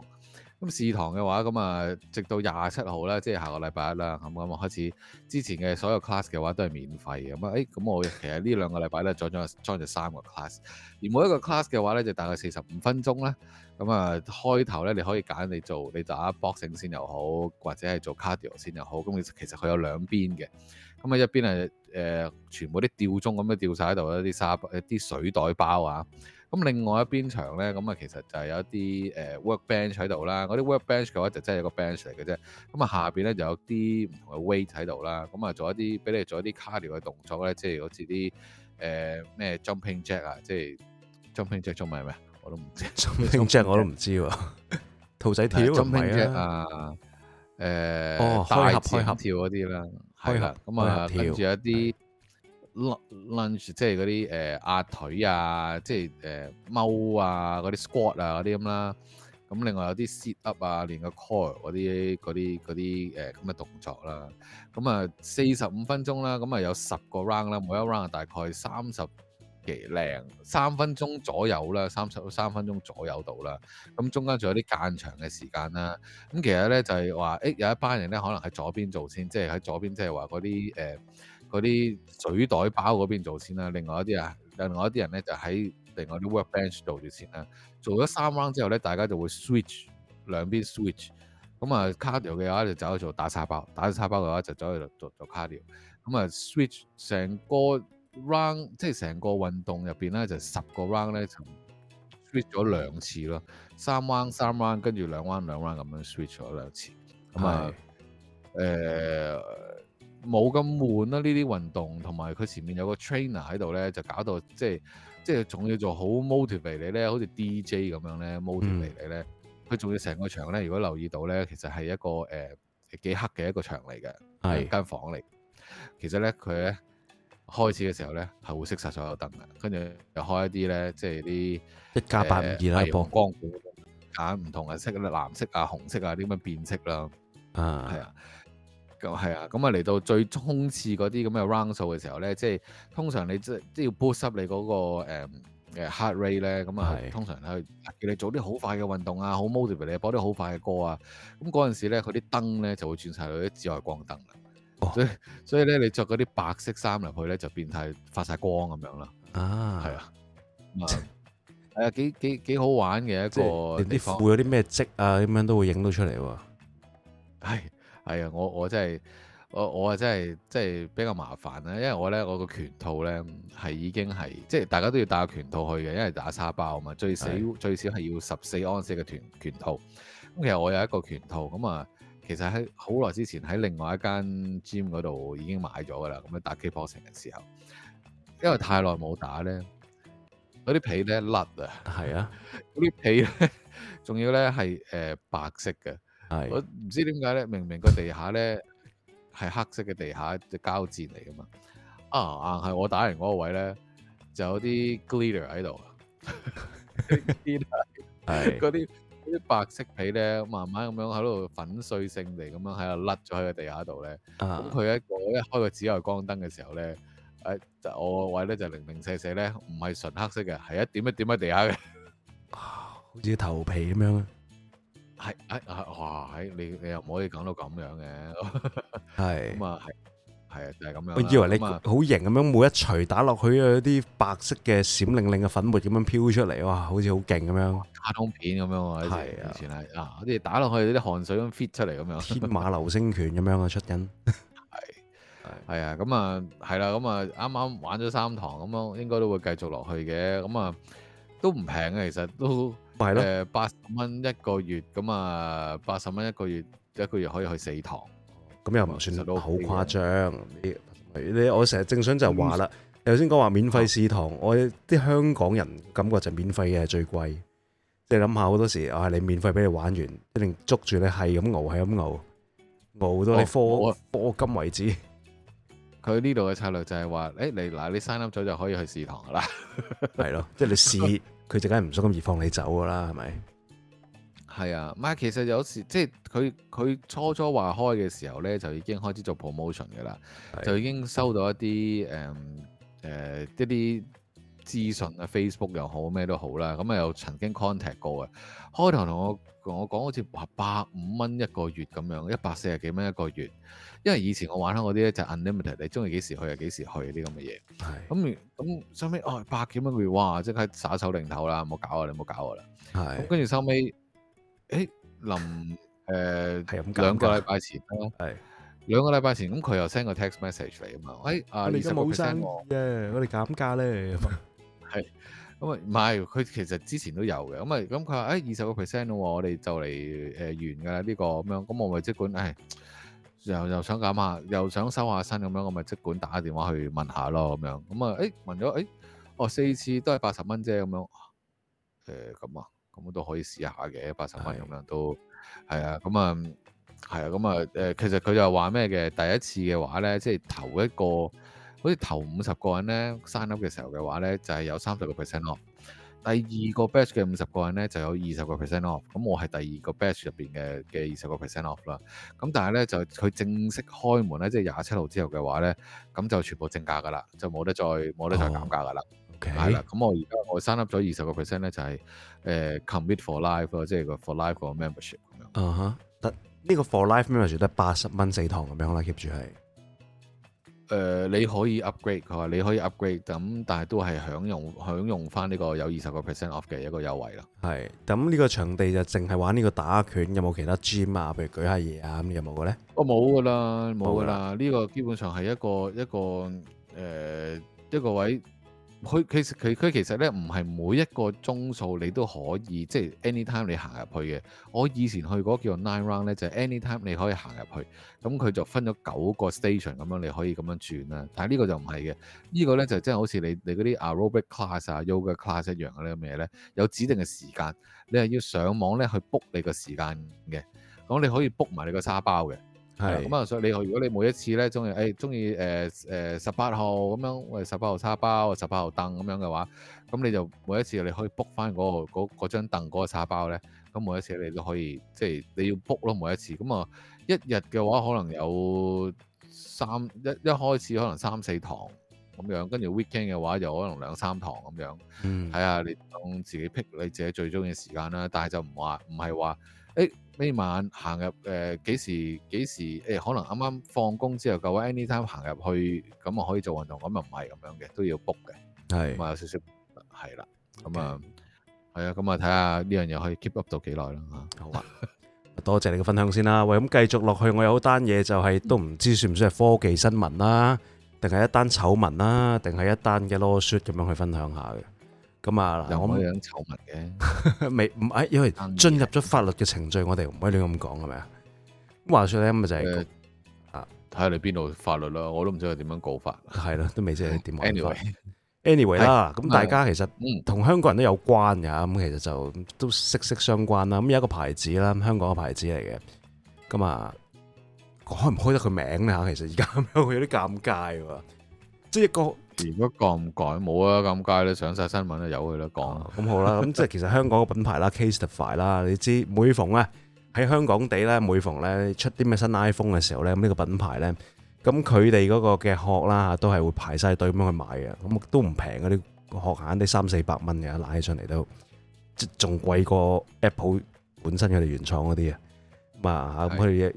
咁試堂嘅話，咁啊直到廿七號啦，即係下個禮拜一啦，咁咁啊開始之前嘅所有 class 嘅話都係免費嘅。咁啊，誒咁我其實呢兩個禮拜咧 join 咗 join 咗三個 class。而每一個 class 嘅話咧，就大概四十五分鐘啦。咁啊，開頭咧你可以揀你做你打 boxing 先又好，或者係做 cardio 先又好。咁其實其實佢有兩邊嘅。咁、嗯、啊，一邊係誒、呃，全部啲吊鐘咁樣吊晒喺度啦，啲沙，一啲水袋包啊。咁、嗯、另外一邊牆咧，咁、嗯、啊，其實就係有一啲誒 work bench 喺度啦。嗰啲 work bench 嘅話就真係一個 bench 嚟嘅啫。咁、嗯、啊，下邊咧就有啲唔同嘅 weight 喺度啦。咁、嗯、啊，做一啲，俾你做一啲 cardio 嘅動作咧，即係好似啲誒咩 jumping jack 啊，即係 jumping jack 中文係咩？我都唔知 jumping jack 我都唔知喎，兔仔跳 jumping jack 啊，誒、 *laughs* 呃哦，大合跳嗰啲啦。係啦，咁、嗯、啊，跟住有啲 lunch，即係嗰啲誒壓腿啊，即係誒踎啊，嗰啲 squat 啊嗰啲咁啦，咁另外有啲 sit up 啊，連個 core 嗰啲嗰啲嗰啲誒咁嘅動作啦、啊，咁啊四十五分鐘啦，咁啊有十個 round 啦，每一 round 大概三十。幾靚，三分鐘左右啦，三十三分鐘左右到啦。咁中間仲有啲間長嘅時間啦。咁其實咧就係話，誒有一班人咧可能喺左邊做先，即係喺左邊即係話嗰啲誒嗰啲水袋包嗰邊做先啦。另外一啲啊，另外一啲人咧就喺另外啲 workbench 度做住先啦。做咗三 round 之後咧，大家就會 switch 兩邊 switch。咁啊，cardio 嘅話就走去做打沙包，打沙包嘅話就走去做做，做 cardio。咁啊，switch 成個。round 即係成個運動入邊咧，就十、是、個 round 咧就 switch 咗兩次咯，三 round 三 round 跟住兩 round 兩 round 咁樣 switch 咗兩次，咁啊誒冇咁悶啦呢啲運動，同埋佢前面有個 trainer 喺度咧，就搞到即係即係仲要做好 motivate 你咧，好似 DJ 咁樣咧 motivate 你咧，佢、嗯、仲要成個場咧，如果留意到咧，其實係一個誒幾、呃、黑嘅一個場嚟嘅，係間房嚟，其實咧佢咧。開始嘅時候咧，係會熄晒所有燈嘅，跟住又開一啲咧，即係啲一,一加八五二啦，放光股揀唔同嘅色，藍色啊、紅色啊啲咁嘅變色啦、啊啊啊那個嗯，啊，係啊，咁係啊，咁啊嚟到最衝刺嗰啲咁嘅 round 數嘅時候咧，即係通常你即即要 push up 你嗰個誒誒 heart rate 咧，咁啊通常係叫你做啲好快嘅運動啊，好 motivate 你，播啲好快嘅歌啊，咁嗰陣時咧，佢啲燈咧就會轉晒去啲紫外光燈。Oh. 所以所以咧，你着嗰啲白色衫入去咧，就變態發晒光咁樣啦。Ah. 啊，係、嗯、啊，咁啊，係啊，幾幾幾好玩嘅一個。連啲褲有啲咩跡啊，咁樣都會影到出嚟喎。係係啊，我我真係我我啊真係真係比較麻煩咧，因為我咧我個拳套咧係已經係即係大家都要帶個拳套去嘅，因為打沙包啊嘛，最少最少係要十四安士嘅拳拳套。咁其實我有一個拳套咁啊。嗯其實喺好耐之前喺另外一間 gym 嗰度已經買咗噶啦，咁樣打 kickboxing 嘅時候，因為太耐冇打咧，嗰啲皮咧甩啊，係啊，嗰啲皮咧，仲要咧係誒白色嘅，我唔知點解咧，明明個地下咧係黑色嘅地下，即膠墊嚟噶嘛，啊硬係我打完嗰個位咧就有啲 glitter 喺度，嗰啲。 *laughs* 啲白色皮咧，慢慢咁樣喺度粉碎性地咁樣喺度甩咗喺個地下度咧。咁、啊、佢一個一開個紫外光燈嘅時候咧，誒、哎，我個位咧就零零碎碎咧，唔係純黑色嘅，係一點一點喺地下嘅。哇！好似頭皮咁樣啊？係啊啊！哇！你你又唔可以講到咁樣嘅。係咁啊！係啊，就係、是、咁樣。我以為你好型咁樣，每一錘打落去有啲白色嘅閃靈靈嘅粉末咁樣飄出嚟，哇，好似好勁咁樣，卡通片咁樣喎。係啊，以前係嗱，好、啊、似打落去啲汗水咁 fit 出嚟咁樣。天馬流星拳咁樣啊，出緊。係係啊，咁啊，係啦，咁啊，啱啱，啊啊啊、玩咗三堂，咁樣應該都會繼續落去嘅。咁啊，都唔平啊，其實都係咯誒，八十蚊一個月，咁啊八十蚊一個月，一個月可以去四堂。咁又唔算好誇張，你我成日正想就係話啦，頭先講話免費試堂，我啲香港人感覺就免費嘅最貴，即係諗下好多時啊，你免費俾你玩完，一定捉住你係咁熬，係咁熬，熬到、哦、你課課金為止。佢呢度嘅策略就係話，誒、欸、你嗱你三粒咗就可以去試堂噶啦，係咯，即 *laughs* 係你試，佢就梗係唔想咁易放你走噶啦，係咪？係啊，唔係其實有時即係佢佢初初話開嘅時候咧，就已經開始做 promotion 嘅啦，就已經收到一啲誒誒一啲資訊啊，Facebook 又好咩都好啦，咁、嗯、啊又曾經 contact 過嘅，開頭同我同我講好似話百五蚊一個月咁樣，一百四十幾蚊一個月，因為以前我玩下嗰啲咧就 unlimited，你中意幾時去，時去、嗯嗯、后后啊幾時去啲咁嘅嘢，係咁咁收尾哦百幾蚊個月哇即係耍手擰頭啦，唔好搞啊你唔好搞我啦，係跟住收尾。誒、欸，臨誒兩個禮拜前咯，係兩個禮拜前，咁佢又 send 個 text message 嚟、哎、啊嘛，誒二十個 percent 啫，我哋減價咧咁啊，係咁啊，唔係佢其實之前都有嘅，咁啊咁佢話誒二十個 percent 我哋就嚟誒完㗎啦，呢個咁樣，咁我咪即管誒、哎，又又想減下，又想收下身咁樣，我咪即管打個電話去問下咯，咁樣，咁啊誒問咗誒、哎，哦四次都係八十蚊啫，咁樣，誒咁啊。呃咁都可以試下嘅，八十蚊咁樣都係啊。咁啊係啊。咁啊誒，其實佢就話咩嘅？第一次嘅話咧，即係頭一個，好似頭五十個人咧 sign up 嘅時候嘅話咧，就係、是、有三十個 percent off。第二個 batch 嘅五十個人咧，就有二十個 percent off。咁我係第二個 batch 入邊嘅嘅二十個 percent off 啦。咁但係咧就佢正式開門咧，即係廿七號之後嘅話咧，咁就全部正價噶啦，就冇得再冇、哦、得再減價噶啦。係、okay. 啦，咁我而家我 sign up 咗二十個 percent 咧，就係誒 commit for life 即係個 for life 個 membership 咁樣。啊哈，但呢個 for life membership 得八十蚊四堂咁樣啦，keep 住係。誒、呃，你可以 upgrade 佢話，你可以 upgrade 咁，但係都係享用享用翻呢個有二十個 percent off 嘅一個優惠咯。係，咁呢個場地就淨係玩呢個打拳，有冇其他 gym 啊？譬如舉下嘢啊咁，有冇嘅咧？我冇噶啦，冇噶啦，呢、這個基本上係一個一個誒、呃、一個位。佢其實佢佢其實咧唔係每一個鐘數你都可以即係、就是、anytime 你行入去嘅。我以前去嗰個叫做 nine round 咧就係、anytime 你可以行入去，咁佢就分咗九個 station 咁樣你可以咁樣轉啦。但係呢個就唔係嘅，這個、呢個咧就真係好似你你嗰啲 aerobic class 啊、yoga class 一樣嗰啲咩咧，有指定嘅時間，你係要上網咧去 book 你個時間嘅。咁你可以 book 埋你個沙包嘅。係，咁、嗯、啊，所以你如果你每一次咧中意，誒中意誒誒十八號咁樣，喂十八號沙包，十八號凳咁樣嘅話，咁你就每一次你可以 book 翻嗰個張凳嗰個沙包咧，咁每一次你都可以，即係你要 book 咯，每一次咁啊，一日嘅話可能有三一一開始可能三四堂咁樣，跟住 weekend 嘅話就可能兩三堂咁樣，嗯，係啊，你當自己 pick 你自己最中意嘅時間啦，但係就唔話唔係話誒。呢晚行入誒幾時幾時，誒可能啱啱放工之後夠啊，anytime 行入去，咁啊可以做運動。咁啊唔係咁樣嘅都要 book 嘅，係嘛？有少少係啦，咁啊係啊，咁啊睇下呢樣嘢可以 keep up 到幾耐啦嚇，好啊，多謝你嘅分享先啦，喂咁繼續落去，我有單嘢就係都唔知算唔算係科技新聞啦，定係一單醜聞啦，定係一單嘅 lawsuit 咁樣去分享下嘅。咁啊，我唔想醜聞嘅，未唔哎，因為進入咗法律嘅程序，我哋唔可以亂咁講，係咪啊？咁話說咧，咪就係、是、啊，睇下你邊度法律啦。我都唔知佢點樣告法，係咯，都未知點。Anyway，anyway 啦 anyway，咁大家其實同、嗯、香港人都有關嘅，咁其實就都息息相關啦。咁有一個牌子啦，香港嘅牌子嚟嘅，咁啊，開唔開得佢名啊？其實而家咁樣有啲尷尬啊，即係一個。如果講唔改冇啊，尷尬咧，上曬新聞咧，由佢啦講啦，咁好啦，咁即係其實香港嘅品牌啦，Castify 啦，你知每逢咧喺香港地咧，每逢咧出啲咩新 iPhone 嘅時候咧，咁呢個品牌咧，咁佢哋嗰個嘅殼啦，都係會排曬隊咁樣去買嘅，咁都唔平嗰啲殼，硬啲三四百蚊嘅，拉起上嚟都即係仲貴過 Apple 本身佢哋原創嗰啲啊，咁啊嚇佢哋嘅。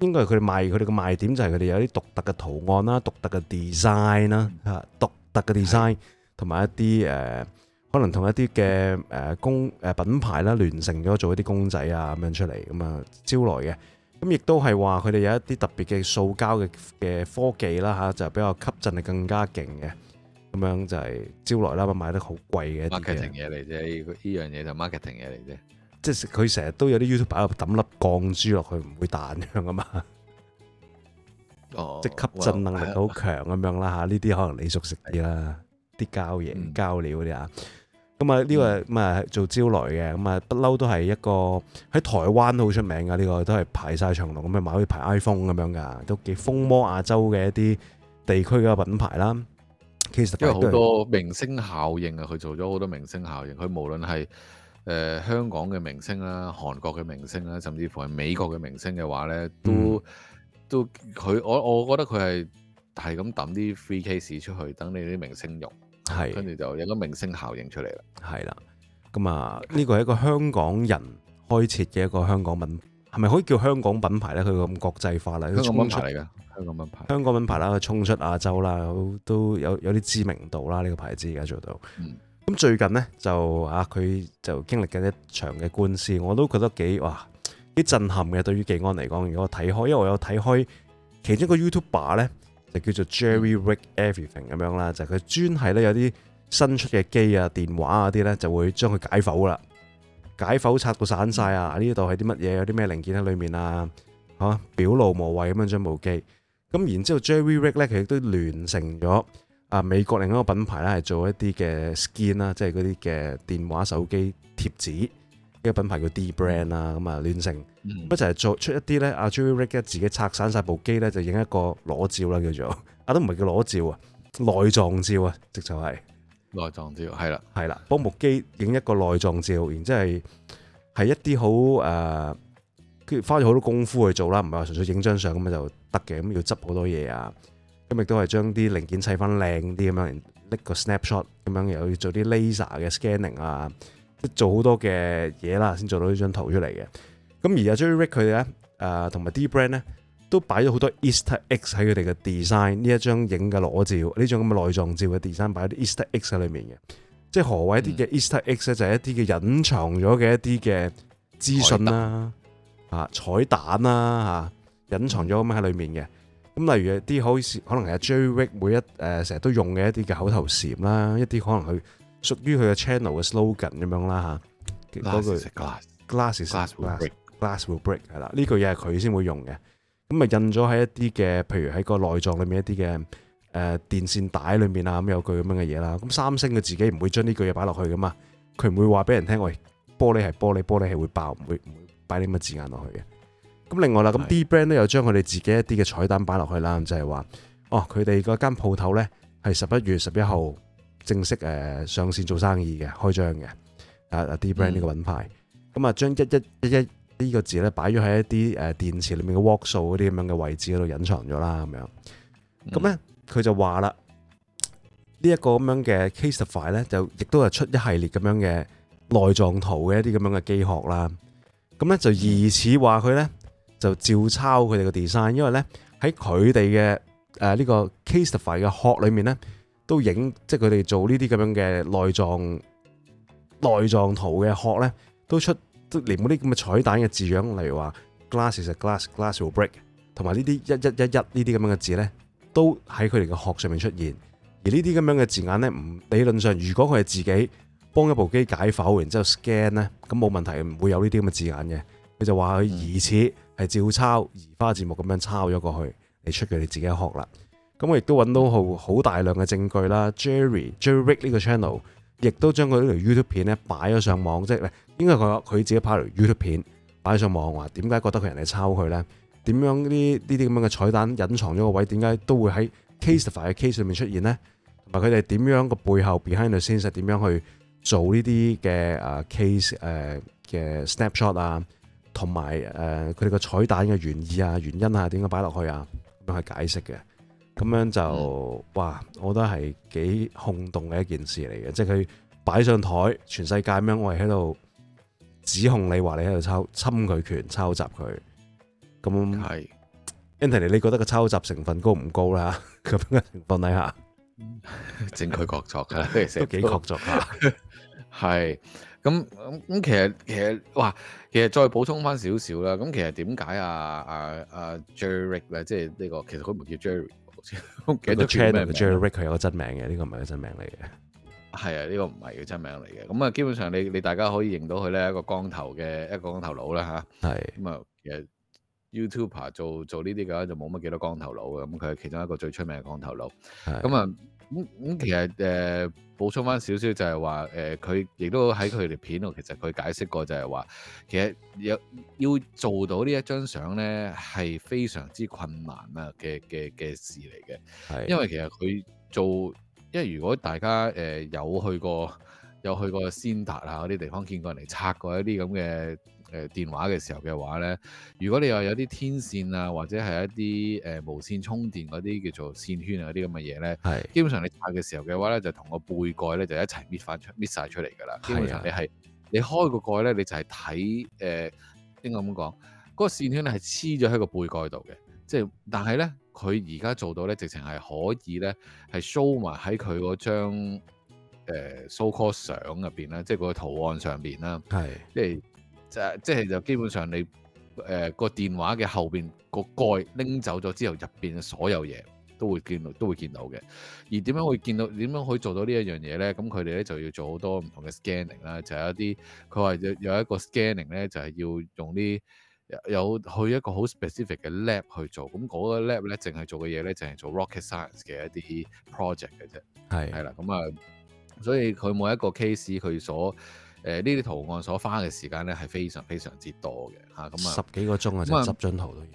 應該係佢哋賣佢哋個賣點就係佢哋有啲獨特嘅圖案啦、獨特嘅 design 啦、嗯、吓、獨特嘅 design，同埋一啲誒、呃，可能同一啲嘅誒公誒品牌啦聯成咗做一啲公仔啊咁樣出嚟，咁啊招來嘅。咁亦都係話佢哋有一啲特別嘅塑膠嘅嘅科技啦吓、啊，就比較吸震力更加勁嘅，咁樣就係、是、招來啦，買得好貴嘅。marketing 嘢嚟啫，呢呢樣嘢就 marketing 嘢嚟啫。即係佢成日都有啲 YouTube 喺度抌粒鋼珠落去唔會彈咁樣啊嘛，即係吸震能力好強咁樣啦嚇。呢啲可能你熟悉啲啦，啲膠嘢膠料嗰啲啊。咁啊呢個咁啊做招來嘅。咁啊不嬲都係一個喺台灣好出名噶，呢個都係排曬長龍咁去買好似排 iPhone 咁樣噶，都幾風魔亞洲嘅一啲地區嘅品牌啦。其實因為好多明星效應啊，佢做咗好多明星效應，佢無論係。誒、呃、香港嘅明星啦、韓國嘅明星啦，甚至乎係美國嘅明星嘅話呢，都、嗯、都佢我我覺得佢係係咁抌啲 free case 出去，等你啲明星用，係跟住就有個明星效應出嚟啦，係啦。咁啊，呢個係一個香港人開設嘅一個香港品，係咪可以叫香港品牌呢？佢咁國際化啦，都品牌嚟嘅香港品牌，香港品牌啦，佢衝出亞洲啦，都有有啲知名度啦，呢、這個牌子而家做到。嗯咁最近呢，就啊，佢就經歷緊一場嘅官司，我都覺得幾哇，幾震撼嘅。對於技安嚟講，如果睇開，因為我有睇開，其中個 YouTuber 呢，就叫做 Jerry Rick Everything 咁樣啦，就佢、係、專係呢，有啲新出嘅機啊、電話啊啲呢，就會將佢解剖啦，解剖拆到散晒啊！呢度係啲乜嘢？有啲咩零件喺裏面啊？啊，表露無遺咁樣將部機，咁然之後 Jerry Rick 呢，佢亦都聯成咗。啊！美國另一個品牌咧，係做一啲嘅 skin 啦，即係嗰啲嘅電話手機貼紙。呢個品牌叫 Dbrand 啦，咁啊亂成。咁一陣係做出一啲咧，阿 Jerry Rig 咧自己拆散晒部機咧，就影一個裸照啦，叫做。啊，都唔係叫裸照啊，內臟照啊，直就係。內臟照，係、就、啦、是，係啦，幫部機影一個內臟照，然之後係、就、係、是、一啲好誒，跟、呃、住花咗好多功夫去做啦，唔係話純粹影張相咁啊就得嘅，咁要執好多嘢啊。今日都係將啲零件砌翻靚啲咁樣，拎個 snapshot 咁樣，又要做啲 laser 嘅 scanning 啊，即做好多嘅嘢啦，先做到呢張圖出嚟嘅。咁而家 Jerry Rick 佢哋咧，同、呃、埋 Dbrand 咧，都擺咗好多 Easter Egg 喺佢哋嘅 design 呢、嗯、一張影嘅裸照，呢種咁嘅內臟照嘅 design 擺啲 Easter Egg 喺裏面嘅。即係何謂一啲嘅 Easter Egg 咧？就係、是、一啲嘅隱藏咗嘅一啲嘅資訊啦，啊彩蛋啦、啊、嚇，隱藏咗咁喺裏面嘅。嗯嗯咁例如有啲好似可能係 JerryRigEverything 成日都用嘅一啲嘅口頭禪啦，一啲可能佢屬於佢嘅 channel 嘅 slogan 咁樣啦嚇，嗰句、那個、Glass is glass, glass will break 係啦，呢句嘢係佢先會用嘅，咁咪印咗喺一啲嘅，譬如喺個內臟裏面一啲嘅誒電線帶裏面啊咁有句咁樣嘅嘢啦，咁三星佢自己唔會將呢句嘢擺落去噶嘛，佢唔會話俾人聽，喂、哎、玻璃係玻璃，玻璃係會爆，唔會唔會擺啲咁嘅字眼落去嘅。咁另外啦，咁 D brand 咧又將佢哋自己一啲嘅彩蛋擺落去啦，就係、是、話，哦，佢哋嗰間鋪頭咧係十一月十一號正式誒上線做生意嘅，開張嘅啊、嗯、D brand 呢個品牌，咁啊將一一一一呢個字咧擺咗喺一啲誒電池裏面嘅 walk 數嗰啲咁樣嘅位置嗰度隱藏咗啦，咁樣，咁咧佢就話啦，這個、這呢一個咁樣嘅 Castify 咧就亦都係出一系列咁樣嘅內臟圖嘅一啲咁樣嘅機殼啦，咁咧就疑似話佢咧。就照抄佢哋嘅 design，因為咧喺佢哋嘅誒呢的、呃這個 Castify 嘅殼裏面咧，都影即係佢哋做這些呢啲咁樣嘅內臟內臟圖嘅殼咧，都出都連嗰啲咁嘅彩蛋嘅字樣，例如話 glass is glass glass will break，同埋呢啲一一一一呢啲咁樣嘅字咧，都喺佢哋嘅殼上面出現。而呢啲咁樣嘅字眼咧，唔理論上，如果佢係自己幫一部機解剖然之後 scan 咧，咁冇問題，唔會有呢啲咁嘅字眼嘅。佢就話佢疑似係照抄移花接木咁樣抄咗過去，你出佢你自己學啦。咁我亦都揾到好好大量嘅證據啦。Jerry Jerry Rick 呢個 channel 亦都將佢呢條 YouTube 片咧擺咗上網，即係應該佢佢自己拍條 YouTube 片擺上網話點解覺得佢人哋抄佢呢？點樣呢呢啲咁樣嘅彩蛋隱藏咗個位？點解都會喺 Castify 嘅 case 上面出現呢？同埋佢哋點樣個背後 behind the scenes 點樣去做呢啲嘅 case 嘅、呃、snapshot 啊？同埋誒佢哋個彩蛋嘅原意啊、原因啊、點解擺落去啊，咁樣去解釋嘅，咁樣就、嗯、哇，我覺得係幾轟動嘅一件事嚟嘅，即係佢擺上台，全世界咁樣，我係喺度指控你話你喺度抄侵佢權、抄襲佢。咁係 Antony 你覺得個抄襲成分高唔高啦、啊？咁嘅情況底下，證 *laughs* 據 *laughs* 各 *laughs* 確鑿嘅，都幾確鑿嚇，係。咁咁咁，其實其實嘩，其實再補充翻少少啦。咁、嗯、其實點解啊啊啊 Jerry 咧，Rick, 即係呢、這個其實佢唔叫 Jerry 個 channel Jerry 佢有個真名嘅，呢、這個唔係個真名嚟嘅。係啊，呢、這個唔係個真名嚟嘅。咁、嗯、啊，基本上你你大家可以認到佢咧，一個光頭嘅一個光頭佬啦吓，係。咁、嗯、啊，其實 YouTuber 做做呢啲嘅話，就冇乜幾多光頭佬嘅。咁佢係其中一個最出名嘅光頭佬。咁啊。嗯咁咁其實誒補充翻少少，就係話誒佢亦都喺佢哋片度，其實佢、呃呃、解釋過就係話，其實有要做到呢一張相咧，係非常之困難啊嘅嘅嘅事嚟嘅。係因為其實佢做，因為如果大家誒、呃、有去過有去過先達啊嗰啲地方，見過人嚟拆過一啲咁嘅。誒、呃、電話嘅時候嘅話咧，如果你話有啲天線啊，或者係一啲誒、呃、無線充電嗰啲叫做線圈啊嗰啲咁嘅嘢咧，係基本上你拆嘅時候嘅話咧，就同個背蓋咧就一齊搣翻出搣曬出嚟㗎啦。係啊，基本上你係你開個蓋咧，你就係睇誒，應該咁講，嗰、那個線圈咧係黐咗喺個背蓋度嘅，即係但係咧，佢而家做到咧，直情係可以咧係 show 埋喺佢嗰張、呃、so call 相入邊啦，即係嗰個圖案上邊啦，係即係。即係就基本上你誒個、呃、電話嘅後邊個蓋拎走咗之後，入邊嘅所有嘢都會見到，都會見到嘅。而點樣會見到？點樣可以做到呢一樣嘢呢？咁佢哋咧就要做好多唔同嘅 scanning 啦。就有、是、一啲佢話有有一個 scanning 呢，就係、是、要用啲有去一個好 specific 嘅 lab 去做。咁、那、嗰個 lab 呢淨係做嘅嘢呢，淨係做 rocket science 嘅一啲 project 嘅啫。係係啦，咁啊、嗯，所以佢每一個 case 佢所誒呢啲圖案所花嘅時間咧係非常非常之多嘅嚇，咁、嗯、啊、嗯嗯嗯嗯、十幾個鐘啊就執進圖都要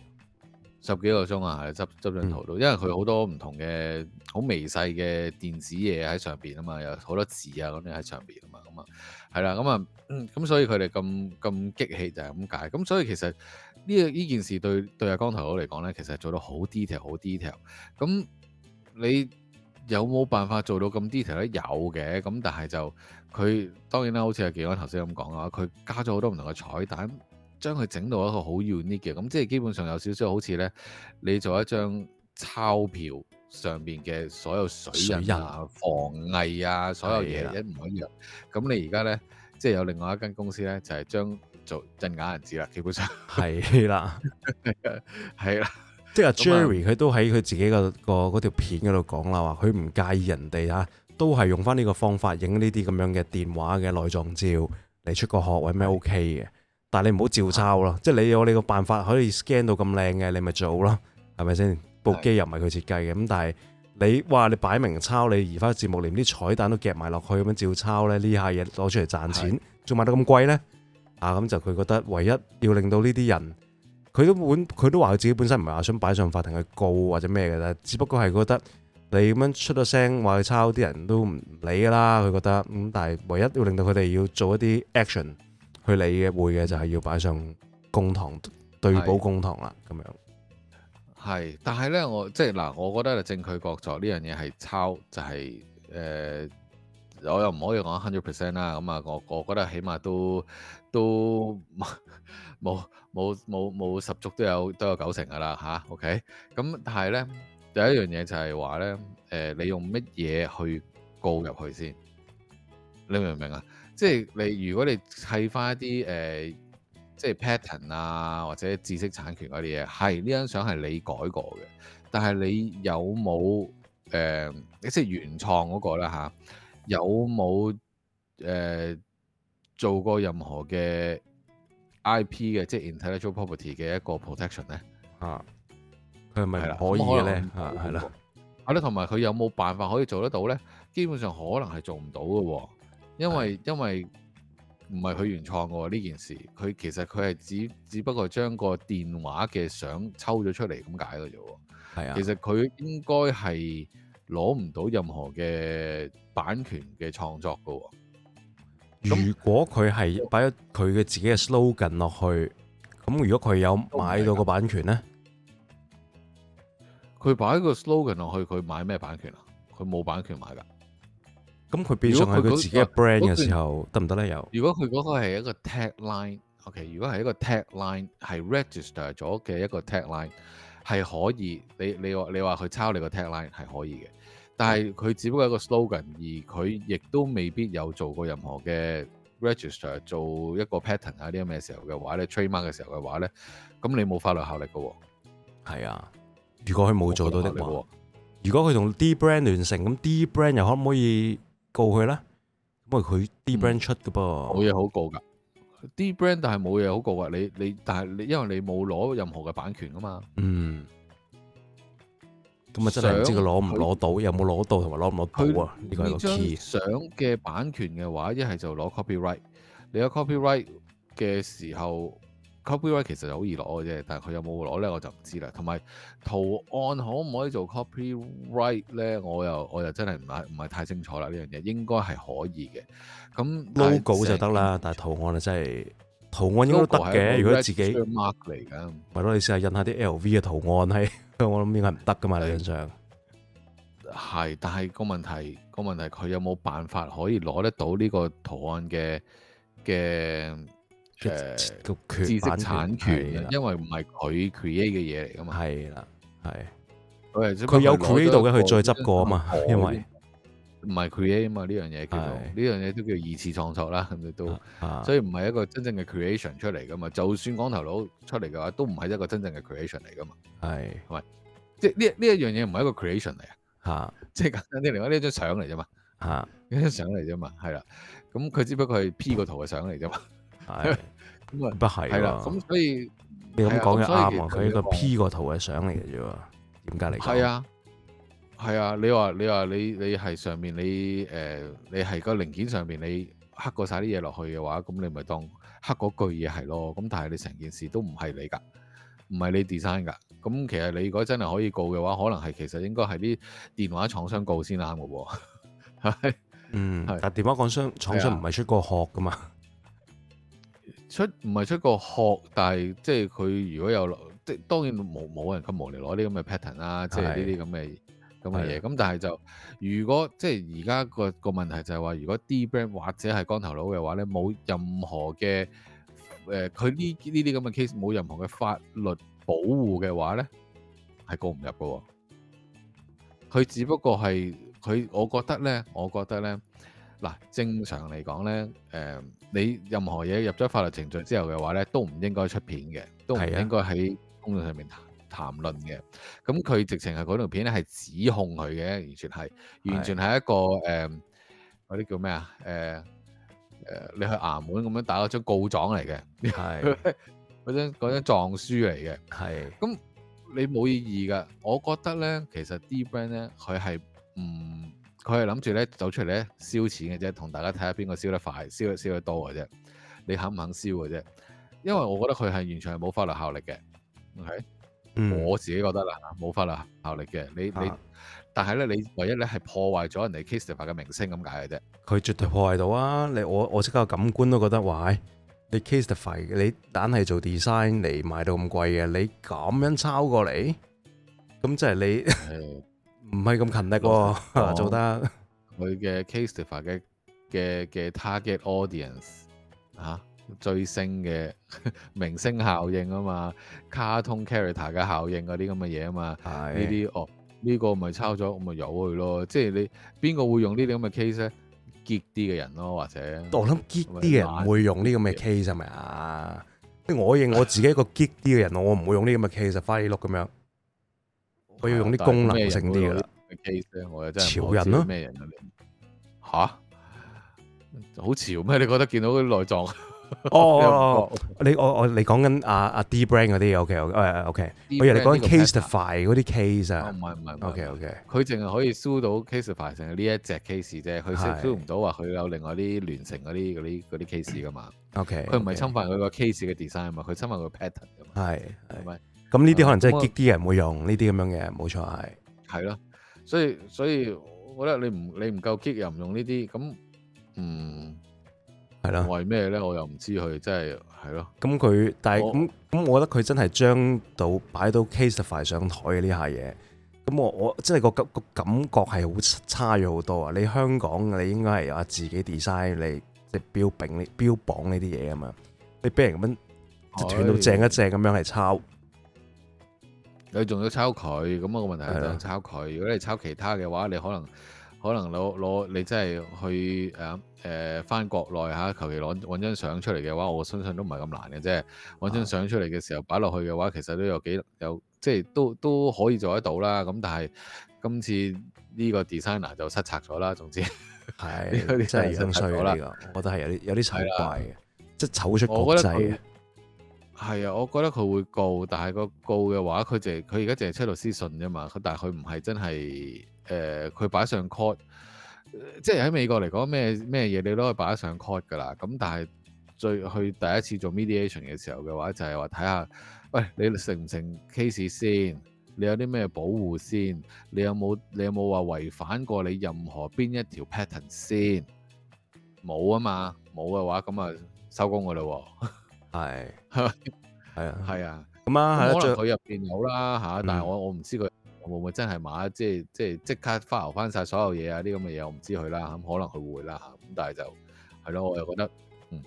十幾個鐘啊，係執執進圖都因為佢好多唔同嘅好微細嘅電子嘢喺上邊啊嘛，有好多字啊咁樣喺上邊啊嘛，咁啊係啦，咁啊咁所以佢哋咁咁激氣就係咁解，咁、嗯、所以其實呢個呢件事對對阿光頭佬嚟講咧，其實做到好 detail 好 detail，咁、嗯、你。有冇辦法做到咁 detail 咧？有嘅，咁但係就佢當然啦，好似阿健安頭先咁講啊，佢加咗好多唔同嘅彩蛋，將佢整到一個好 unique 嘅，咁、嗯、即係基本上有少少好似咧，你做一張鈔票上邊嘅所有水印啊、防偽啊，所有嘢一唔一樣，咁你而家咧即係有另外一間公司咧，就係、是、將做真假銀紙啦，基本上係啦，係啦。 *laughs* 即係 Jerry，佢都喺佢自己個個條影片嗰度講啦，話佢唔介意人哋、啊、嚇，都係用翻呢個方法影呢啲咁樣嘅電話嘅內臟照嚟出個學位咩 OK 嘅。但係你唔好照抄咯，啊、即係你有你個辦法可以 scan 到咁靚嘅，你咪做咯，係咪先？部機又唔係佢設計嘅，咁但係你哇，你擺明抄你移花接木連啲彩蛋都夾埋落去咁樣照抄咧，呢下嘢攞出嚟賺錢，仲賣到咁貴呢？啊！咁就佢覺得唯一要令到呢啲人。佢都本佢都話佢自己本身唔係話想擺上法庭去告或者咩嘅啦，只不過係覺得你咁樣出咗聲話去抄啲人都唔理㗎啦，佢覺得咁、嗯，但係唯一要令到佢哋要做一啲 action 去理嘅會嘅就係、是、要擺上公堂對簿公堂啦，咁樣。係，但係咧，我即係嗱，我覺得證據確鑿呢樣嘢係抄就係、是、誒、呃，我又唔可以講 hundred percent 啦，咁啊，我我覺得起碼都都冇。都冇冇冇十足都有都有九成噶啦吓，OK。咁但係咧，第一樣嘢就係話咧，誒、呃、你用乜嘢去告入去先？你明唔明啊？即係你如果你砌翻一啲誒、呃，即係 pattern 啊，或者知識產權嗰啲嘢，係呢張相係你改過嘅，但係你有冇誒、呃，即係原創嗰、嗰個咧嚇、啊？有冇誒、呃、做過任何嘅？I.P. 嘅即係 intellectual property 嘅一個 protection 咧，啊，佢係咪可以嘅咧，係啦，係啦，同埋佢有冇辦法可以做得到咧？基本上可能係做唔到嘅喎，因為因為唔係佢原創嘅喎呢件事，佢其實佢係只只不過將個電話嘅相抽咗出嚟咁解嘅啫喎，係啊，其實佢應該係攞唔到任何嘅版權嘅創作嘅喎。如果佢係擺咗佢嘅自己嘅 slogan 落去，咁如果佢有買到個版權咧，佢擺個 slogan 落去，佢買咩版權啊？佢冇版權買㗎。咁佢變咗佢自己嘅 brand 嘅時候得唔得咧？有。如果佢嗰個係一個 tagline，OK，如果係一個 tagline 係 register 咗嘅一個 tagline，係可以。你你話你話佢抄你個 tagline 係可以嘅。但係佢只不過係一個 slogan，而佢亦都未必有做過任何嘅 register，做一個 pattern 啊啲咁嘅時候嘅話咧，Trademark 嘅時候嘅話咧，咁你冇法律效力嘅喎、哦。係啊，如果佢冇做到的話，的哦、如果佢同 D brand 聯成，咁 D brand 又可唔可以告佢咧？咁佢 D brand 出嘅噃，冇、嗯、嘢好告㗎。D brand 但係冇嘢好告啊，你你但係你因為你冇攞任何嘅版權啊嘛。嗯。咁啊，真係唔知佢攞唔攞到，有冇攞到同埋攞唔攞到啊？呢個係個 key。相嘅版權嘅話，一係就攞 copyright。你有 copyright 嘅時候，copyright 其實就好易攞嘅啫，但係佢有冇攞咧，我就唔知啦。同埋圖案可唔可以做 copyright 咧？我又我又真係唔係唔係太清楚啦。呢樣嘢應該係可以嘅。咁 logo 就得啦，但係圖案啊，真係圖案應該都得嘅。如果自己，咪攞嚟你試下印下啲 LV 嘅圖案係。因為我諗應該唔得噶嘛，理論上係，但係個問題個問題，佢有冇辦法可以攞得到呢個圖案嘅嘅誒知識產權？因為唔係佢 create 嘅嘢嚟噶嘛，係啦，係佢有 credit 嘅，佢再執過啊嘛，因為。因為唔係 create 啊嘛，呢樣嘢叫做呢樣嘢都叫二次創作啦，咁都，所以唔係一個真正嘅 creation 出嚟噶嘛。就算光頭佬出嚟嘅話，都唔係一個真正嘅 creation 嚟噶嘛。係，係咪？即係呢呢一樣嘢唔係一個 creation 嚟啊。嚇！即係簡單啲嚟講，呢張相嚟啫嘛。嚇！呢張相嚟啫嘛。係啦。咁佢只不過係 P 個圖嘅相嚟啫嘛。咁、 *laughs* 嗯、啊，不係啦。係啦。咁所以你咁講嘅啱喎。所以、啊、所以佢個 P 個圖嘅相嚟嘅啫喎。點解嚟？係啊。係啊，你話你話你你係上面你誒、呃、你係個零件上面你刻過晒啲嘢落去嘅話，咁你咪當刻嗰句嘢係咯。咁但係你成件事都唔係你㗎，唔係你 design 㗎。咁其實你如果真係可以告嘅話，可能係其實應該係啲電話廠商告先啱嘅喎。係、嗯 *laughs* 嗯，但電話廠商廠商唔係出個殼嘅嘛， *laughs* 出唔係出個殼，但係即係佢如果有即係當然冇冇人咁無厘攞啲咁嘅 pattern 啦，即係呢啲咁嘅。咁嘅嘢，咁但係就如果即係而家個個問題就係話，如果 Dbrand 或者係光頭佬嘅話咧，冇任何嘅誒，佢呢呢啲咁嘅 case 冇任何嘅法律保護嘅話咧，係告唔入㗎，哦。佢只不過係佢，我覺得咧，我覺得咧，嗱正常嚟講咧，誒、呃、你任何嘢入咗法律程序之後嘅話咧，都唔應該出片嘅，都唔應該喺公眾上面談論嘅，咁佢直情係嗰條片咧係指控佢嘅，完全係，完全係一個誒嗰啲叫咩啊？誒、呃、誒、呃，你去衙門咁樣打咗張告狀嚟嘅，係嗰 *laughs* 張嗰張狀書嚟嘅，係。咁你冇意義噶，我覺得咧，其實 dbrand 咧，佢係唔，佢係諗住咧走出嚟咧燒錢嘅啫，同大家睇下邊個燒得快，燒得燒得多嘅啫。你肯唔肯燒嘅啫？因為我覺得佢係完全係冇法律效力嘅，OK？嗯、我自己覺得啦，冇法律效力嘅。你你，啊、但係咧，你唯一咧係破壞咗人哋 Castify 嘅名聲咁解嘅啫。佢絕對破壞到啊！你我我即刻感官都覺得喂，你 Castify，你單係做 design 嚟賣到咁貴嘅，你咁樣抄過嚟，咁即係你唔係咁勤力喎， *laughs* 做得佢嘅 Castify 嘅嘅嘅 target audience 啊。追星嘅明星效應啊嘛，卡通 character 嘅效應嗰啲咁嘅嘢啊嘛，呢啲哦呢、呢個咪抄咗咪有佢咯，即係你邊個會用呢啲咁嘅 case 咧？激啲嘅人咯，或者我諗激啲嘅人唔會用呢咁嘅 case 係咪啊？我認我自己一個激啲嘅人，我唔會用呢咁嘅 case，花哩碌咁樣，我要用啲 *laughs* 功能性啲嘅啦。case 呢我又真係潮人咯，咩人啊你？嚇、啊啊，好潮咩？你覺得見到啲內臟？ *laughs* 哦、 *laughs* oh, oh, oh, oh, oh,，oh, oh, okay, okay, okay, 我你我我你講緊阿阿 Dbrand 嗰啲 OK，OK，誒，OK。我而家講緊 Castify 嗰啲 case 啊，唔係唔係 OK，OK，佢淨係可以 suit 到 Castify 成呢一隻 case 啫，佢 suit 唔到話佢有另外啲聯成嗰啲啲啲 case 噶嘛。OK，佢唔係侵犯佢、okay. 個 case 嘅 design 啊，佢侵犯佢 pattern 啊。係，係咪？咁呢啲可能真係激啲人會用呢啲咁樣嘅，冇錯係。係咯，所以所以我覺得你唔你唔夠激又唔用呢啲，咁嗯。係啦，為咩咧？我又唔知佢，即係係咯。咁佢，但係咁咁，我，嗯嗯、我覺得佢真係將到擺到 Castify 上台嘅呢下嘢。咁、嗯、我我即係個感個感覺係好差咗好多啊！你香港，你應該係啊自己 design 你即係標炳呢標榜呢啲嘢啊嘛。你俾人咁樣斷到正一正咁樣係抄，你仲要抄佢。咁、那、啊個問題係抄佢。如果你抄其他嘅話，你可能可能攞攞你真係去啊。嗯誒、呃、翻國內嚇，求其攞揾張相出嚟嘅話，我相信都唔係咁難嘅啫。揾張相出嚟嘅時候擺落去嘅話，其實都有幾有，即係都都可以做得到啦。咁但係今次呢個 designer 就失策咗啦。總之係、 *laughs* 這個、真係衰啦、這個，我覺得係有啲有啲醜怪嘅，即係、就是、醜出國際得係啊，我覺得佢會告，但係個告嘅話，佢就佢而家淨係出嚟私信啫嘛。佢但係佢唔係真係誒，佢、呃、擺上 court。即係喺美國嚟講咩咩嘢你都可以擺得上 court 㗎啦。咁但係最去第一次做 mediation 嘅時候嘅話，就係話睇下，喂，你成唔成 case 先？你有啲咩保護先？你有冇你有冇話違反過你任何邊一條 pattern 先？冇啊嘛，冇嘅話咁啊，收工㗎咯喎。係係啊，係啊。咁啊， *laughs* 啊啊可能佢入邊有啦嚇、嗯，但係我我唔知佢。會唔會真係買？即係即係即，即刻花留翻晒所有嘢啊！啲咁嘅嘢我唔知佢啦，咁可能佢會啦嚇。咁但係就係咯，我又覺得嗯誒、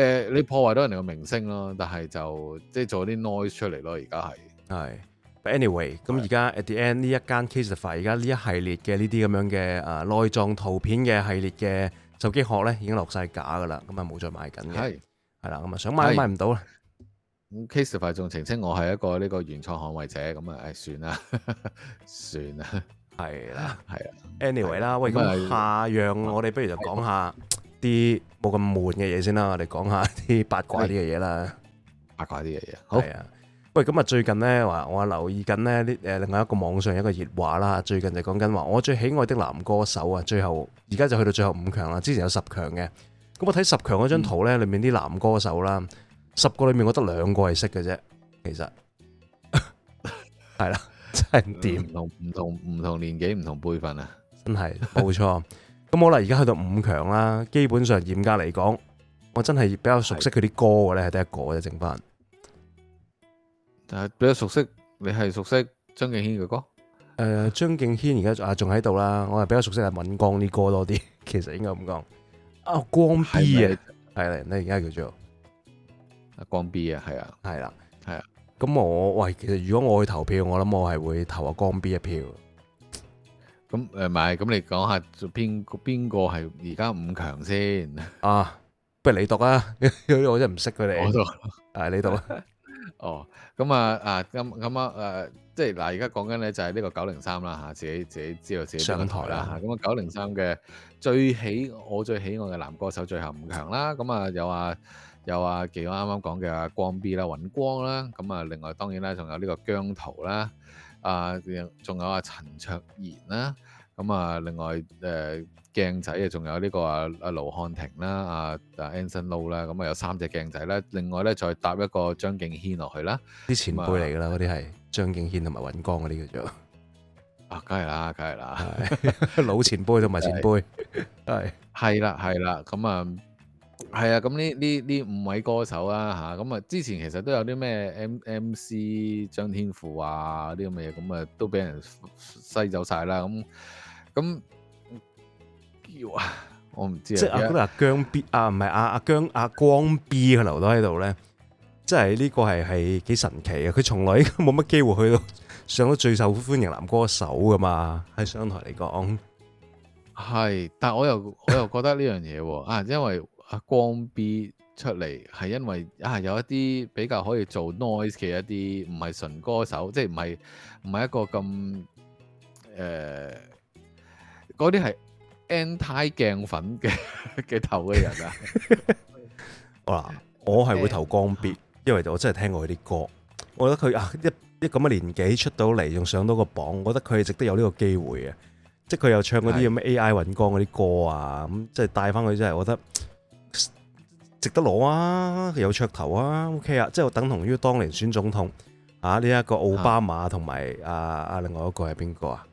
呃，你破壞咗人哋個名聲咯。但係就即係做啲 noise 出嚟咯。而家係係，but anyway，咁而家 at the end 呢一間 Castify 而家呢一系列嘅呢啲咁樣嘅誒內臟圖片嘅系列嘅手機殼咧，已經落晒架㗎啦。咁啊冇再賣緊嘅，係係啦。咁啊想買都買唔到啦。Castify 仲澄清我係一個呢個原創捍衞者，咁啊，誒，算啦，算啦，係啦，係啦，anyway 啦，喂，咁下樣我哋不如就講下啲冇咁悶嘅嘢先啦，我哋講下啲八卦啲嘅嘢啦，八卦啲嘅嘢，好啊，喂，咁啊，最近咧話我留意緊咧，呢誒，另外一個網上有一個熱話啦，最近就講緊話我最喜愛的男歌手啊，最後而家就去到最後五強啦，之前有十強嘅，咁我睇十強嗰張圖咧，裏面啲男歌手啦。嗯十個裏面我得兩個係識嘅啫，其實係啦， *laughs* 是的 *laughs* 真係唔掂。唔同唔 *laughs* 同唔同年紀唔同輩份啊， *laughs* 真係冇錯。咁好啦，而家去到五強啦，基本上嚴格嚟講，我真係比較熟悉佢啲歌嘅咧，係得一個嘅，剩翻。但係比較熟悉，你係熟悉張敬軒嘅歌？誒、呃，張敬軒而家啊仲喺度啦，我係比較熟悉阿敏光啲歌多啲。其實應該咁講，阿、啊、光 B 啊，係咧，而家叫做。江 B 啊，係啊，係啦，係啊。咁我喂，其實如果我去投票，我諗我係會投下江 B 一票。咁誒，咪咁你講下邊邊個係而家五強先啊？不如你讀， *laughs* 你讀啊，我真係唔識佢哋。我讀，係你讀。 *laughs* 哦，咁啊啊，咁咁啊誒、啊啊啊，即係嗱，而家講緊咧就係呢個九零三啦吓，自己自己知道自己上台啦吓。咁啊，九零三嘅最喜我最喜愛嘅男歌手最後五強啦。咁啊，啊，啊，又話。有阿記，我啱啱講嘅阿光 B 啦，尹光啦，咁啊，另外當然咧，仲有呢個姜濤啦，啊，仲有阿陳卓賢啦，咁啊，另外誒鏡仔啊，仲有呢個阿阿盧瀚霆啦，阿阿 Anson Lo 啦，咁啊，有三隻鏡仔啦，另外咧再搭一個張敬軒落去啦，啲前輩嚟噶啦，嗰啲係張敬軒同埋尹光嗰啲嘅啫，啊，梗係啦，梗係啦，老前輩同埋前輩，係係啦，係啦，咁啊。係啊，咁呢呢呢五位歌手啊，吓咁啊，之前其實都有啲咩 M M C 張天賦啊啲咁嘅嘢，咁啊都俾人篩走晒啦，咁咁叫啊，我唔知啊，即係阿嗰個阿姜 B 啊，唔係阿阿姜阿光 B 佢留到喺度咧，即係呢個係係幾神奇嘅，佢從來應該冇乜機會去到上到最受歡迎男歌手噶嘛，喺商台嚟講。係，但係我又我又覺得呢樣嘢啊，因為。光 B 出嚟係因為啊，有一啲比較可以做 noise 嘅一啲，唔係純歌手，即係唔係唔係一個咁誒嗰啲係 anti 鏡粉嘅嘅頭嘅人啊！嗱， *laughs* *laughs* *laughs* *laughs* 我係會投光 B，因為我真係聽過佢啲歌，我覺得佢啊一一咁嘅年紀出到嚟仲上到個榜，我覺得佢係值得有呢個機會嘅，即係佢又唱嗰啲咁嘅 AI 揾光嗰啲歌啊，咁即係帶翻佢，嗯、真係我覺得。值得攞啊，有噱頭啊，OK 啊，即係等同於當年選總統啊，呢一個奧巴馬同埋阿阿另外一個係邊個啊？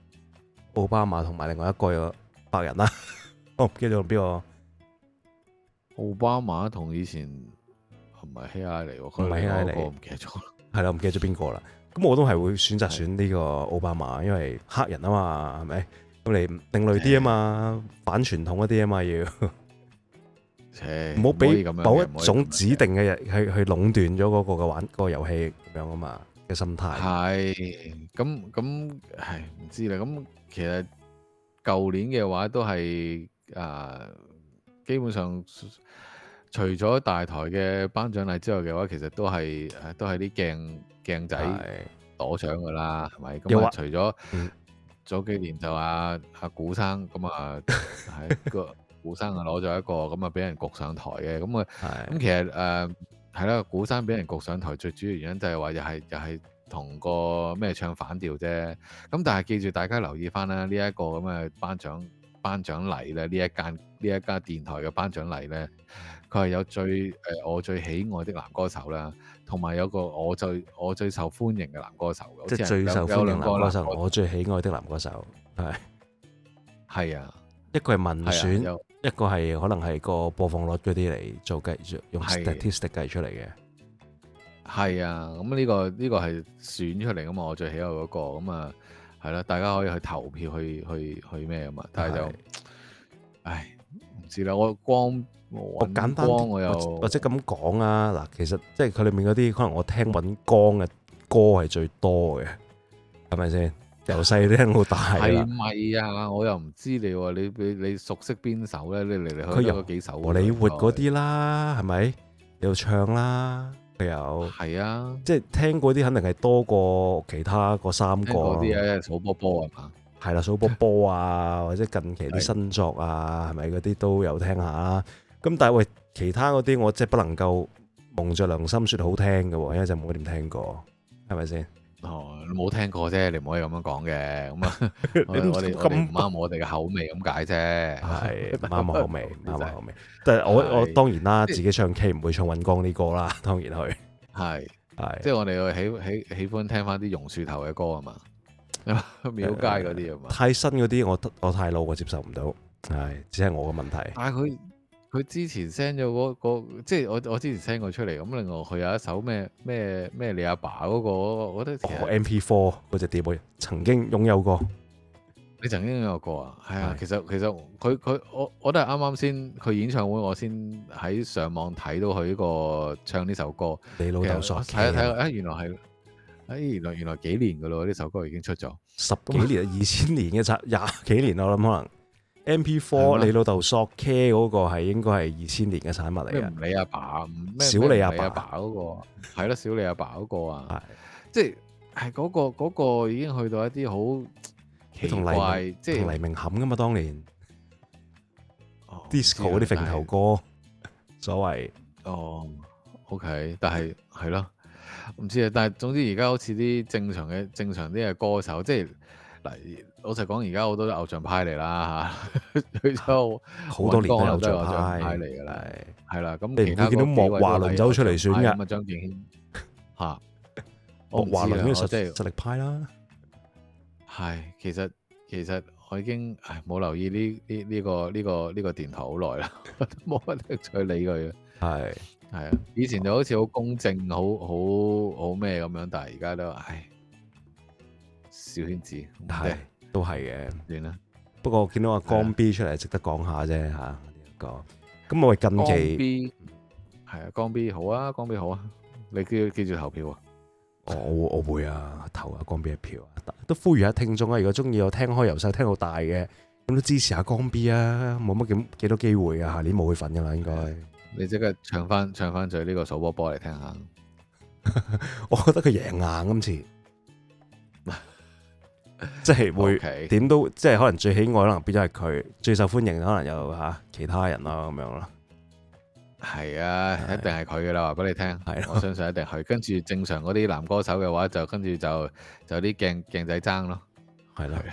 奧巴馬同埋另外一個有白人啦，啊， *laughs* 哦，唔記得咗邊個？奧巴馬同以前係咪希拉里喎，唔係希拉里，我唔記得咗，係 *laughs* 啦，我唔記得咗邊個啦。咁我都係會選擇選呢個奧巴馬，因為黑人啊嘛，係咪？咁你定類啲啊嘛，反傳統一啲啊嘛要。 *laughs* 唔好俾某一種指定嘅人去去壟斷咗嗰個嘅玩嗰個遊戲咁樣啊嘛嘅心態。係，咁咁係唔知啦。咁其實舊年嘅話都係啊，基本上除咗大台嘅頒獎禮之外嘅話，其實都係誒都係啲鏡鏡仔攞獎噶啦，係咪？咁話除咗早幾年就阿阿古生咁啊，係個。古生啊，攞咗一個咁啊，俾人焗上台嘅咁啊，咁其實誒係啦，古生俾人焗上台，最主要原因就係話又係又係同個咩唱反調啫。咁但係記住大家留意翻啦，呢、這、一個咁嘅頒獎頒獎禮咧，呢一間呢一間電台嘅頒獎禮咧，佢係有最誒、呃、我最喜愛的男歌手啦，同埋有個我最我最受歡迎嘅男歌手，即、就、係、是、最受歡迎男歌，男，歌男歌手，我最喜愛的男歌手係係啊，一個係民選。一個係可能係個播放率嗰啲嚟做計，用 statistics 計出嚟嘅。係啊，咁呢個呢個係選出嚟啊嘛，我最喜愛嗰個，咁啊係啦，大家可以去投票，去去去咩啊嘛，但係就，唉，唔知啦，我光，我簡單，我又或者咁講啊，嗱，其實即係佢裏面嗰啲可能我聽揾光嘅歌係最多嘅，係咪先？由細聽到大係咪啊？我又唔知你喎，你你你熟悉邊首咧？你嚟嚟去去都幾首，佢你活嗰啲啦，係咪？有唱啦，佢有係啊，即係聽嗰啲肯定係多過其他嗰三個咯。嗰啲啊，數波波啊嘛，係啦，數波波啊，或者近期啲新作啊，係咪嗰啲都有聽下啦。咁但係喂，其他嗰啲我即係不能夠蒙著良心說好聽嘅，因為就冇點聽過，係咪先？哦，你冇聽過啫，你唔可以咁樣講嘅。咁啊，你都咁唔啱我哋嘅口味，咁解啫。係唔啱我口味，唔啱我口味。但係我我當然啦，自己唱 K 唔會唱尹光啲歌啦，當然去。係係，即係我哋喜喜喜歡聽翻啲榕樹頭嘅歌啊嘛，廟街嗰啲啊嘛。太新嗰啲，我我太老我接受唔到，係只係我嘅問題。但係佢。佢之前 send 咗嗰個，即係我我之前 send 過出嚟。咁另外佢有一首咩咩咩你阿爸嗰、那個，我覺得、哦、MP4 嗰隻碟會曾經擁有過。你曾經擁有過啊？係、哎、啊，其實其實佢佢我我都係啱啱先佢演唱會，我先喺上網睇到佢呢、這個唱呢首歌。你老豆所睇睇啊，原來係，哎原來原來幾年嘅咯，呢首歌已經出咗十幾年， *laughs* 二千年嘅差廿幾年，我諗可能。M P Four，你老豆索 K 嗰個係應該係二千年嘅產物嚟嘅？唔理阿爸,爸，唔少你阿爸嗰、那個，係 *laughs* 咯小李阿爸嗰、那個啊！即係係嗰個、那個已經去到一啲好奇怪，即係黎明冚噶嘛當年、哦、，disco 嗰啲甩頭歌，所謂哦，OK，但係係咯，唔知啊，但係總之而家好似啲正常嘅正常啲嘅歌手，即係嗱。老實講而家好多啲偶像派嚟啦，佢就好多年嘅 *laughs* 偶像派嚟噶啦，係啦，咁你會見到莫華倫走出嚟選嘅張敬軒，嚇， *laughs* 我華倫呢實實力派啦，係，其實其實我已經冇留意呢呢呢個呢、呢個呢、呢個電台好耐啦， *laughs* 都冇乜興趣理佢嘅，係係啊，以前就好似好公正，好好好咩咁樣，但係而家都唉，小圈子係。都係嘅，亂啦。不過我見到阿江 B 出嚟，值得講下啫吓。呢一個咁我哋近期，係啊，江 B 好啊，江 B 好啊。你記記住投票啊！我我會啊，投阿江 B 一票啊。都呼籲下聽眾啊，如果中意我聽開由細聽到大嘅，咁都支持下江 B 啊。冇乜幾幾多機會啊，下年冇佢份噶啦，應該。你即刻唱翻唱翻咗呢個數波波嚟聽下。我覺得佢贏硬今次。即係會點都、okay. 即係可能最喜愛的可能變咗係佢最受歡迎可能有吓其他人啦咁樣咯，係啊係，一定係佢噶啦話俾你聽，係我相信一定係。跟住正常嗰啲男歌手嘅話，就跟住就就啲鏡鏡仔爭咯，係啦。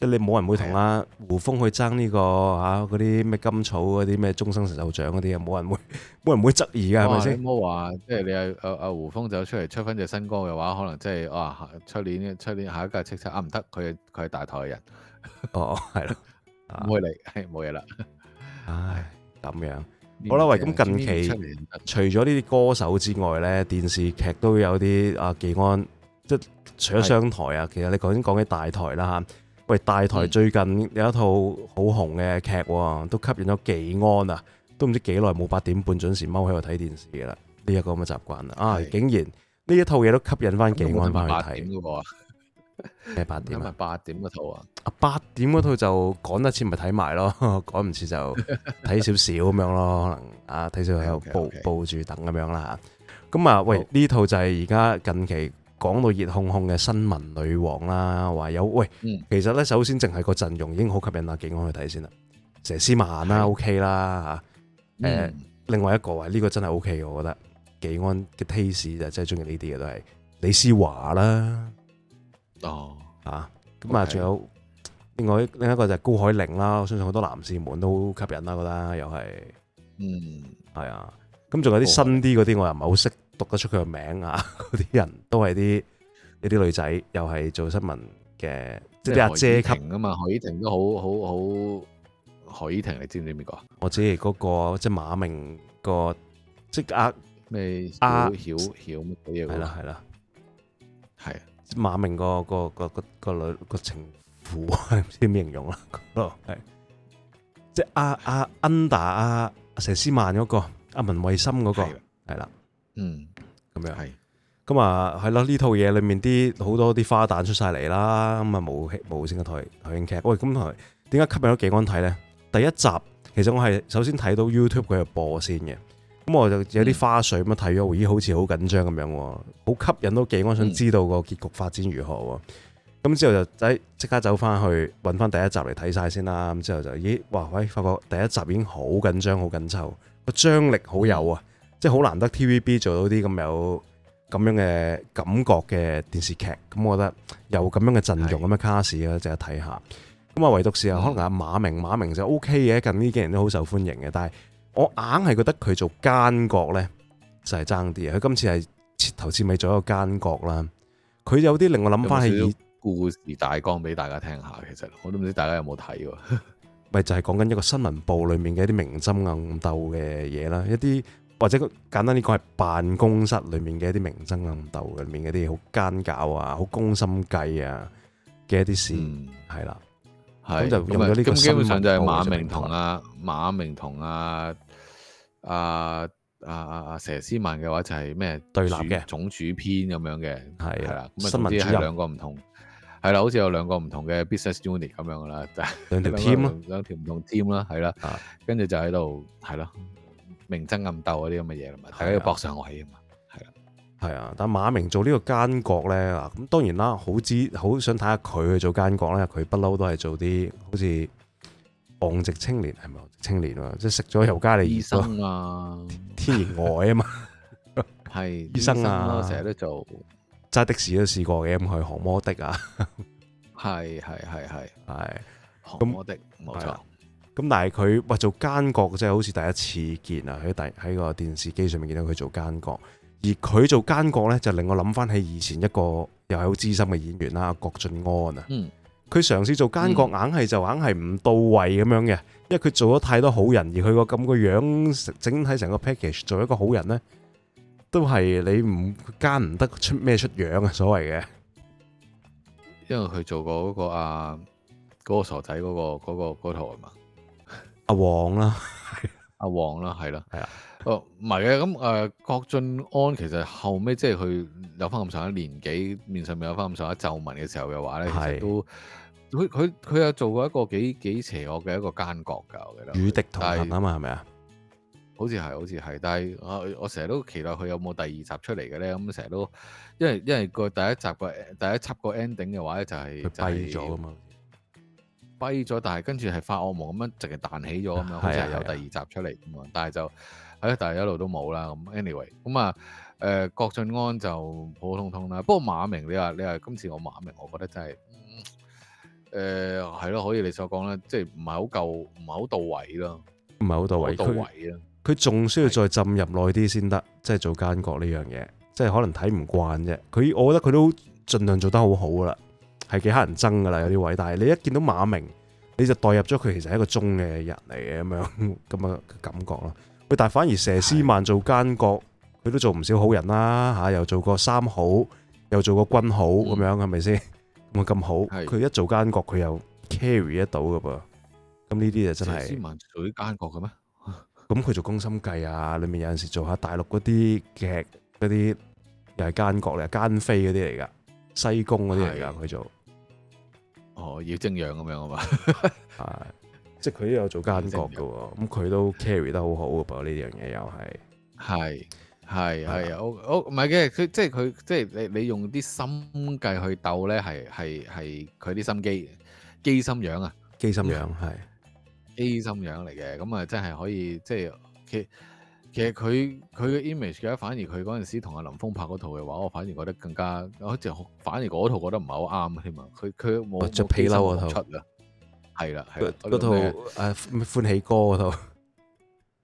即你冇人會同阿胡楓去爭呢個嚇嗰啲咩甘草嗰啲咩終生成就獎嗰啲啊，冇人會冇人會質疑㗎，係咪先？冇話即係你係、啊、阿、啊啊、胡楓走出嚟出翻隻新歌嘅話，可能即係哇出年出年下一屆叱吒啊唔得，佢係佢係大台嘅人哦，係咯，唔、啊、會嚟係冇嘢啦。唉，咁樣好啦，喂，咁近期除咗呢啲歌手之外咧，電視劇都有啲阿技安即除咗上台啊。其實你講先講起大台啦嚇。喂，大台最近有一套好紅嘅劇，嗯，都吸引咗幾安啊，都唔知幾耐冇八點半準時踎喺度睇電視噶啦，呢、這、一個咁嘅習慣啊，竟然呢一套嘢，都吸引翻幾安翻、嗯、去睇。八點嗰個啊？咩八點？八點嗰套啊？八點嗰套就趕得切咪睇埋咯，趕唔切就睇少少咁樣咯。可能啊，睇少喺度報報住等咁樣啦咁啊，喂，呢套就係而家近期。講到熱烘烘嘅新聞女王啦，話有喂，嗯、其實咧首先淨係個陣容已經好吸引、okay、啦，紀安去睇先啦，佘詩曼啦 OK 啦吓，誒，另外一個話呢、這個真係 OK 我覺得紀安嘅 taste 就真係中意呢啲嘅都係李施嬅啦，哦吓，咁啊，仲、okay、有另外另一個就高海寧啦，我相信好多男士們都吸引啦，我覺得又係，嗯，係啊，咁仲有啲新啲嗰啲我又唔係好識。讀得出佢個名啊！嗰啲人都係啲啲女仔，又係做新聞嘅，即係阿姐級啊嘛。何依婷都好好好，好，何依婷你知唔知邊個啊？我知嗰、那個即係馬明個即係阿咩阿曉曉乜鬼嘢？係啦係啦，即馬明個、啊啊、馬明個個個個，個，個女個情婦，唔 *laughs* 知點形容啦。嗰、那個係即係阿阿 Under 阿、啊、佘詩曼嗰、那個阿、啊、文慧心嗰、那個係啦，嗯。咁樣係，咁啊係啦，呢、嗯嗯嗯、套嘢裏面啲好多啲花旦出晒嚟啦，咁啊無綫嗰台台慶劇，喂咁台點解吸引到幾安睇呢？第一集其實我係首先睇到 YouTube 佢係播先嘅，咁、嗯嗯、我就有啲花絮咁睇咗，咦、嗯、好似好緊張咁樣，好吸引到幾安想知道個結局發展如何，咁、嗯嗯、之後就即刻走翻去搵翻第一集嚟睇晒先啦，咁、嗯、之後就咦哇喂、哎，發覺第一集已經好緊張好緊湊，個張力好有啊！嗯嗯即係好難得 TVB 做到啲咁有咁樣嘅感覺嘅電視劇，咁我覺得有咁樣嘅陣容咁嘅 cast 啦，值得睇下。咁啊，唯獨是啊，可能阿馬明馬明就 OK 嘅，近呢幾年都好受歡迎嘅。但係我硬係覺得佢做奸角咧就係爭啲嘅。佢今次係徹頭徹尾做一個奸角啦，佢有啲令我諗翻起，有有故事大綱俾大家聽一下。其實我都唔知大家有冇睇喎？咪 *laughs* 就係講緊一個新聞報裡面嘅一啲明爭暗鬥嘅嘢啦，一啲。或者簡單啲講，係辦公室裏面嘅一啲明爭暗鬥，裏面嗰啲好奸狡啊，好攻心計啊嘅一啲事，係啦，咁就用咗呢個思路。咁基本上就係馬明同啊，馬明同啊，啊啊啊啊，佘詩曼嘅話就係咩對立嘅總主編咁樣嘅，係啦。咁啊，總之係兩個唔同，係啦，好似有兩個唔同嘅 business unit 咁樣啦，就兩條 team 啊，兩條唔同 team 啦，係啦，跟住就喺度，係咯。明爭暗鬥嗰啲咁嘅嘢啦，嘛喺度搏上位啊嘛，係啦、啊，係啊。但馬明做呢個奸角咧，咁當然啦，好知，好想睇下佢去做奸角啦。佢不嬲都係做啲好似戇直青年係咪？戇直青年啊，即係、嗯、食咗油加利醫生啊，天然呆啊嘛，係 *laughs* 天 *laughs* 醫生啊，成日都做揸的士都試過嘅，咁去學摩的啊，係係係係係學摩的冇錯。咁但係佢話做奸角，即係好似第一次見啊！喺第喺個電視機上面見到佢做奸角，而佢做奸角咧，就令我諗返起以前一個又係好資深嘅演員啦，郭晉安啊。佢、嗯、嘗試做奸角，硬係就硬係唔到位咁樣嘅，因為佢做咗太多好人，而佢個咁個樣整體成個 package 做一個好人咧，都係你唔奸唔得出咩出樣啊。所謂嘅。因為佢做過嗰個啊嗰、嗰個傻仔嗰、嗰個嗰、嗰個嗰套係嘛？嗰個嗰個阿王啦，阿、 *laughs* 啊、王啦，係啦，係啊，哦，唔係嘅。咁、呃、誒，郭晉安其實後尾，即係佢有翻咁上下年紀，面上面有翻咁上下皺紋嘅時候嘅話咧，其實都佢佢佢有做過一個幾幾邪惡嘅一個奸角㗎，我記得。與敵同行啊嘛，係咪啊？好似係，好似係，但係、呃、我成日都期待佢有冇第二集出嚟嘅咧，咁成日都，因為因為個第一集個第一輯個 ending 嘅話咧就係佢閉咗啊嘛。跛咗，但係跟住係發惡夢咁樣，直情彈起咗咁樣，的好似係有第二集出嚟咁啊！但係就，哎、anyway, 呃，但係一路都冇啦。咁 anyway，咁啊，誒郭晉安就普普通通啦。不過馬明，你話你話今次我馬明，我覺得真係誒係咯，可、嗯、以、呃、你所講咧，即係唔係好夠，唔係好到位咯，唔係好到位。到位啊！佢仲需要再浸入耐啲先得，即係做奸角呢樣嘢，即係可能睇唔慣啫。佢我覺得佢都盡量做得好好噶啦。係幾黑人憎㗎啦，有啲偉大。但係你一見到馬明，你就代入咗佢其實係一個忠嘅人嚟嘅咁樣咁嘅感覺咯。喂，但係反而佘詩曼做奸角，佢都做唔少好人啦嚇，又做過三好，又做過軍好咁樣，係咪先？唔會咁好。佢一做奸角，佢又 carry 得到㗎噃。咁呢啲就真係佘詩曼做奸角嘅咩？咁佢做宮心計啊，裡面有陣時做下大陸嗰啲劇嗰啲又係奸角嚟，奸妃嗰啲嚟㗎，西宮嗰啲嚟㗎，佢做。要精樣咁樣 *laughs* 啊嘛，係，即係佢都有做奸角嘅喎，咁佢都 carry 得好好嘅噃。呢樣嘢又係，係係係啊，我我唔係嘅，佢即係佢即係你你用啲心計去鬥咧，係係係佢啲心機，機心樣啊，機心樣係，機心樣嚟嘅，咁啊真係可以即係佢。K, 其實佢佢嘅 image 嘅話，反而佢嗰陣時同阿林峯拍嗰套嘅話，我反而覺得更加，好似反而嗰套覺得唔係好啱添啊！佢佢冇著皮褸嗰套出啊，係啦，係嗰套誒歡喜哥嗰套，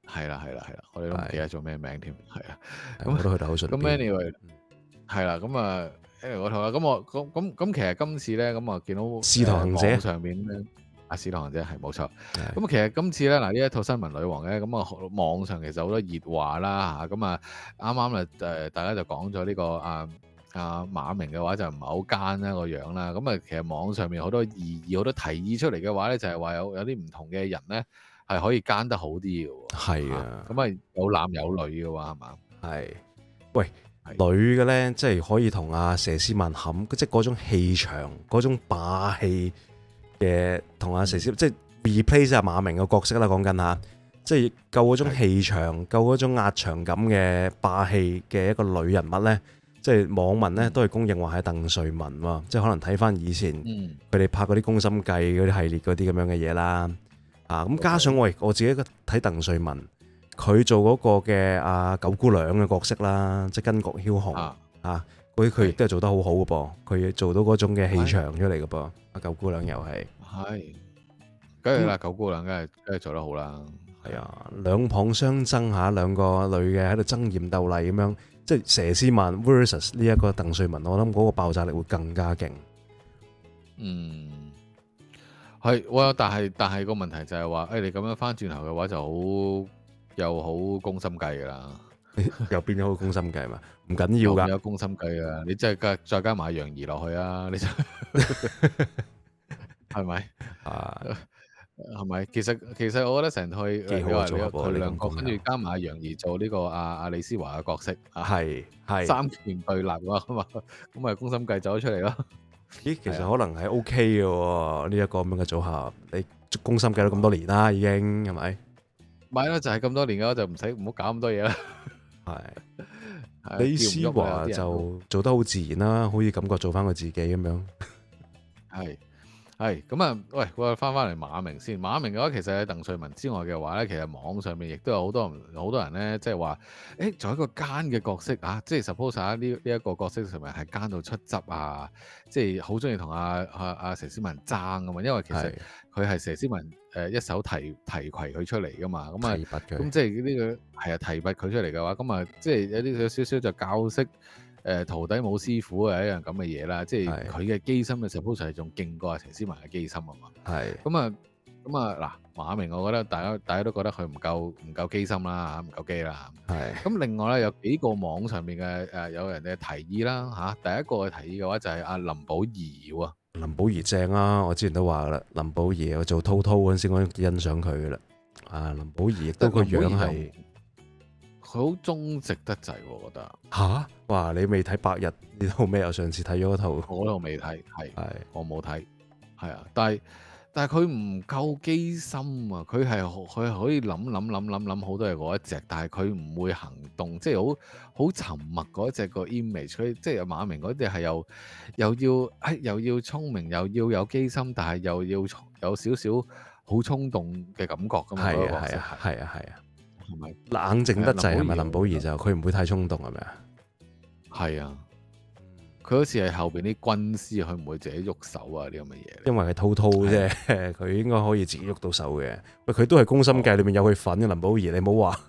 係啦係啦係啦，我哋都唔記得做咩名添，係啊，我都去得好順。咁 Anyway 係啦，咁啊 Anyway 嗰套啦，咁我咁咁咁，其實今次咧咁啊見到使徒行者上面咧。阿、啊、史朗姐係冇錯，咁其實今次咧嗱，呢這一套新聞女王咧，咁啊網上其實好多熱話啦，嚇，咁啊啱啱啊誒大家就講咗呢個阿、啊、阿、啊、馬明嘅話就唔係好奸啦個樣啦，咁啊其實網上面好多意義好多提議出嚟嘅話咧，就係、是、話有有啲唔同嘅人咧係可以奸得好啲嘅喎，係啊，咁啊有男有女嘅話係嘛？係，喂的女嘅咧，即係可以同阿佘詩曼咁，即係嗰種氣場嗰種霸氣。嘅同阿佘少、嗯、即係 replace 阿馬明個角色啦，講緊吓，即係夠嗰種氣場，夠、嗯、嗰種壓場感嘅霸氣嘅一個女人物咧、嗯，即係網民咧都係公認話係鄧萃雯喎、嗯，即係可能睇翻以前佢哋拍嗰啲《宮心計》嗰啲系列嗰啲咁樣嘅嘢啦，啊咁、嗯、加上我我自己睇鄧萃雯，佢做嗰個嘅阿、啊、九姑娘嘅角色啦，即係巾幗梟雄啊，啲佢亦都係做得很好好嘅噃，佢做到嗰種嘅氣場出嚟嘅噃。嗯啊九姑娘又係係，梗係啦，九姑娘梗係梗係做得好啦，係啊，兩旁相爭下兩個女嘅喺度爭艷鬥麗咁樣，即係佘詩曼 versus 呢一個鄧萃雯。我諗嗰個爆炸力會更加勁。嗯，係，哇！但係但係個問題就係話，誒、哎，你咁樣翻轉頭嘅話就，就好又好攻心計噶啦。又變咗個宮心計嘛？唔緊要噶，有宮心計噶。你真係加再加埋楊怡落去啊！你係咪啊？係咪？其實其實我覺得成套幾好做嘅，佢兩個跟住加埋阿楊怡做呢個阿阿李施嬅嘅角色，係係三權對立啊嘛。咁咪，宮心計走咗出嚟咯。咦，其實可能係 OK 嘅呢一個咁樣嘅組合。你宮心計咗咁多年啦，已經係咪？咪咯，就係咁多年噶，就唔使唔好搞咁多嘢啦。係李施嬅就做得好自然啦，好似感覺做翻佢自己咁樣。係係咁啊，喂，我翻翻嚟馬明先。馬明嘅話，其實喺鄧萃雯之外嘅話咧，其實網上面亦都有好多好多人咧，即係話，誒，做一個奸嘅角色啊，即係 suppose 呢呢一個角色，係咪係奸到出汁啊？即係好中意同阿阿阿佘詩曼爭咁嘛，因為其實佢係佘詩曼。誒一手提提攜佢出嚟噶嘛，咁啊，咁即係呢、這個係啊提拔佢出嚟嘅話，咁啊，即係有啲有少少就教識誒徒弟冇師傅嘅一樣咁嘅嘢啦，係即係佢嘅機心嘅 suppose 係仲勁過阿陳思文嘅機心啊嘛，係，咁啊，咁啊嗱，馬明，我覺得大家大家都覺得佢唔夠唔夠機心啦嚇，唔夠機啦，係，咁另外咧有幾個網上面嘅誒有人嘅提議啦嚇、啊，第一個嘅提議嘅話就係阿林保怡喎。林保怡正啊！我之前都話噶啦，林保怡我做滔滔嗰陣時，我都幾欣賞佢噶啦。啊，林保怡亦都個樣係佢好忠直得滯，我覺得吓。哇！你未睇《白日》呢套咩？我上次睇咗嗰套，我又未睇，係係，我冇睇，係啊，但係。但係佢唔夠機心啊！佢係佢可以諗諗諗諗諗好多嘢嗰一隻，但係佢唔會行動，即係好好沉默嗰一隻、個 image。所以即係馬明嗰啲係又又要、啊、又要聰明，又要有機心，但係又要有少少好衝動嘅感覺㗎嘛。係啊係啊係啊係啊，同、那、埋、個啊啊啊啊啊啊啊啊、冷靜得滯林保怡、啊啊啊、就佢唔會太衝動係咪啊？係啊。佢好似係後邊啲軍師，佢唔會自己喐手啊啲咁嘅嘢，因為係滔滔啫，佢應該可以自己喐到手嘅。喂，佢都係宮心計裏面有佢份，哦、林保怡，你唔好話，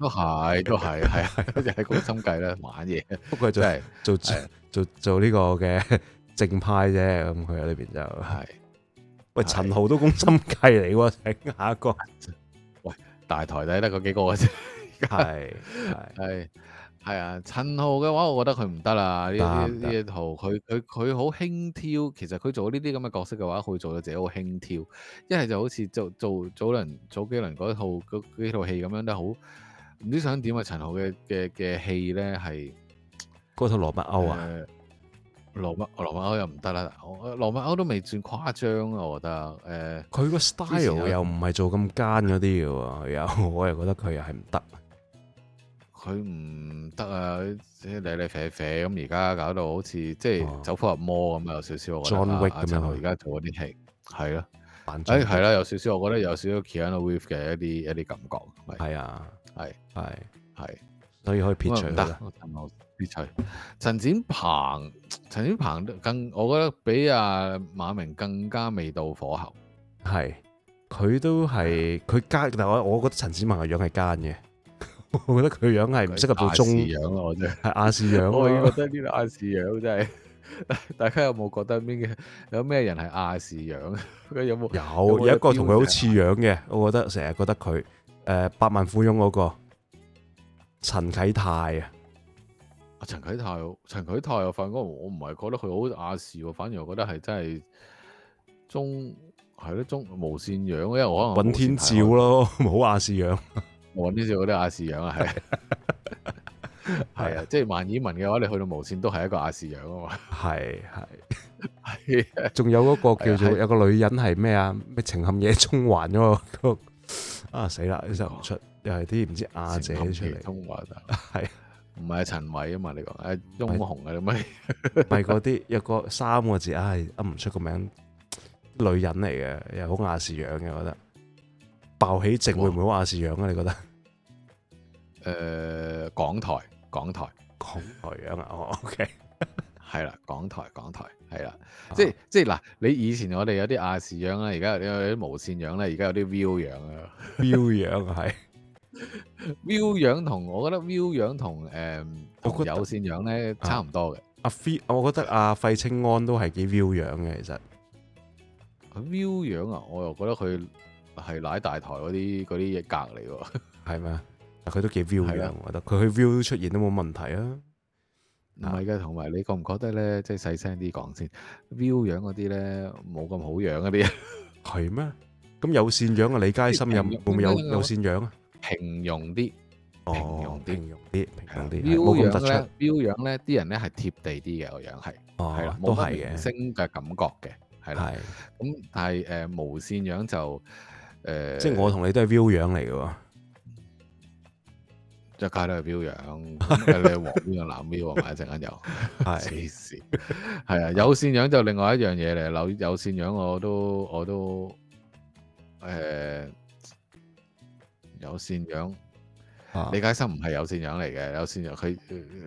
都係都係，係啊，又係宮心計咧， *laughs* 玩嘢。不過做，就係，做做做呢個嘅正派啫，咁佢呢邊就係。喂，陳豪都宮心計嚟喎，下一個。喂，大台底得個幾個啫，係係。係啊陳的的的、陳豪嘅話、啊呃，我覺得佢唔得啦，呃、他呢呢啲套，佢佢佢好輕佻，其實佢做呢啲咁嘅角色嘅話，佢做嘅自己好輕佻，一係就好似做做早輪早幾輪嗰套嗰套戲咁樣都好唔知想點啊！陳豪嘅嘅嘅戲咧係嗰套羅密歐啊，羅密羅密歐又唔得啦，羅密歐都未算誇張，我覺得誒，佢個 style 又唔係做咁奸嗰啲嘅喎，又我又覺得佢又係唔得。佢唔得啊！得即係嚟嚟肥肥咁，而家搞到好似即係走火入魔咁啊！有少少 John Wick 咁、啊、樣。陳豪而家做嗰啲戲係咯，誒係啦，有少少我覺得有少少 Keanu Reeves 嘅一啲一啲感覺。係啊，係係係，所以可以撇除啦。陳豪撇除，陳展鵬，陳展鵬更我覺得比阿馬明更加未到火候。係，佢都係佢奸，但我我覺得陳展鵬個樣係奸嘅。 *laughs* 我覺得佢樣係唔適合做中、啊、樣咯、啊，我真係亞視樣。我越覺得呢個亞視樣真係，大家有冇覺得邊嘅有咩人係亞視樣？有冇有有一個同佢好似樣嘅？我覺得成日、啊、 *laughs* 覺得佢誒、啊 *laughs* 啊呃，百萬富翁嗰、那個陳啟泰啊，阿陳啟泰，陳啟泰，泰我發覺我唔係覺得佢好亞視，反而我覺得係真係中係咯，中無綫樣，因為我可能尹天照咯，好亞視樣。我呢就覺得亞視樣啊，係係啊，即、就、係、是、萬綺雯嘅話，你去到無線都係一個亞視樣啊嘛，係係係。仲、 *laughs* 啊、有嗰個叫做、啊啊、有個女人係咩啊？咩情陷夜中環嗰個啊死啦！呢首唔出、啊、又係啲唔知亞姐出嚟。情陷夜中環啊，係唔係陳煒啊嘛？你講誒翁虹啊，你咪咪嗰啲有個三個字，唉噏唔出個名，女人嚟嘅，又好亞視樣嘅，我覺得。爆起靜會唔會亞視樣啊？你覺得？誒、呃，港台港台港台樣啊？哦，OK，係啦，港台港台係啦，啊，即係即係嗱，你以前我哋有啲亞視樣啦，而家有啲無綫樣啦，而家有啲 view 樣啊，view 樣係 *laughs* view 樣同我覺得 view 樣同誒有綫樣咧差唔多嘅。阿、呃、費，我覺得阿費、啊啊啊、清安都係幾 view 樣嘅，其實佢 view 樣啊，我又覺得佢。係奶，大台嗰啲嗰啲嘢，隔籬喎，係咩？但佢都幾 view 樣，我覺得佢去 view 都出現都冇問題啊。唔係嘅，同埋你覺唔覺得咧？即係細聲啲講先，view 樣嗰啲咧冇咁好樣嗰啲，係咩？咁有線樣嘅李佳芯有冇有有線樣啊？平庸啲，平庸啲，平庸啲，平庸啲。view 樣咧，view 樣咧，啲人咧係貼地啲嘅個樣，係係啦，冇乜明星嘅感覺嘅，係啦。咁但係誒，無線樣就。誒，即係我同你都係 view 樣嚟嘅，一係都多係 view 樣，你黃 view、藍 view，埋一陣間又係，係啊，有線樣就另外一樣嘢嚟，有有線樣我都我都，誒、呃，有線樣，李佳芯唔係有線樣嚟嘅，有線樣佢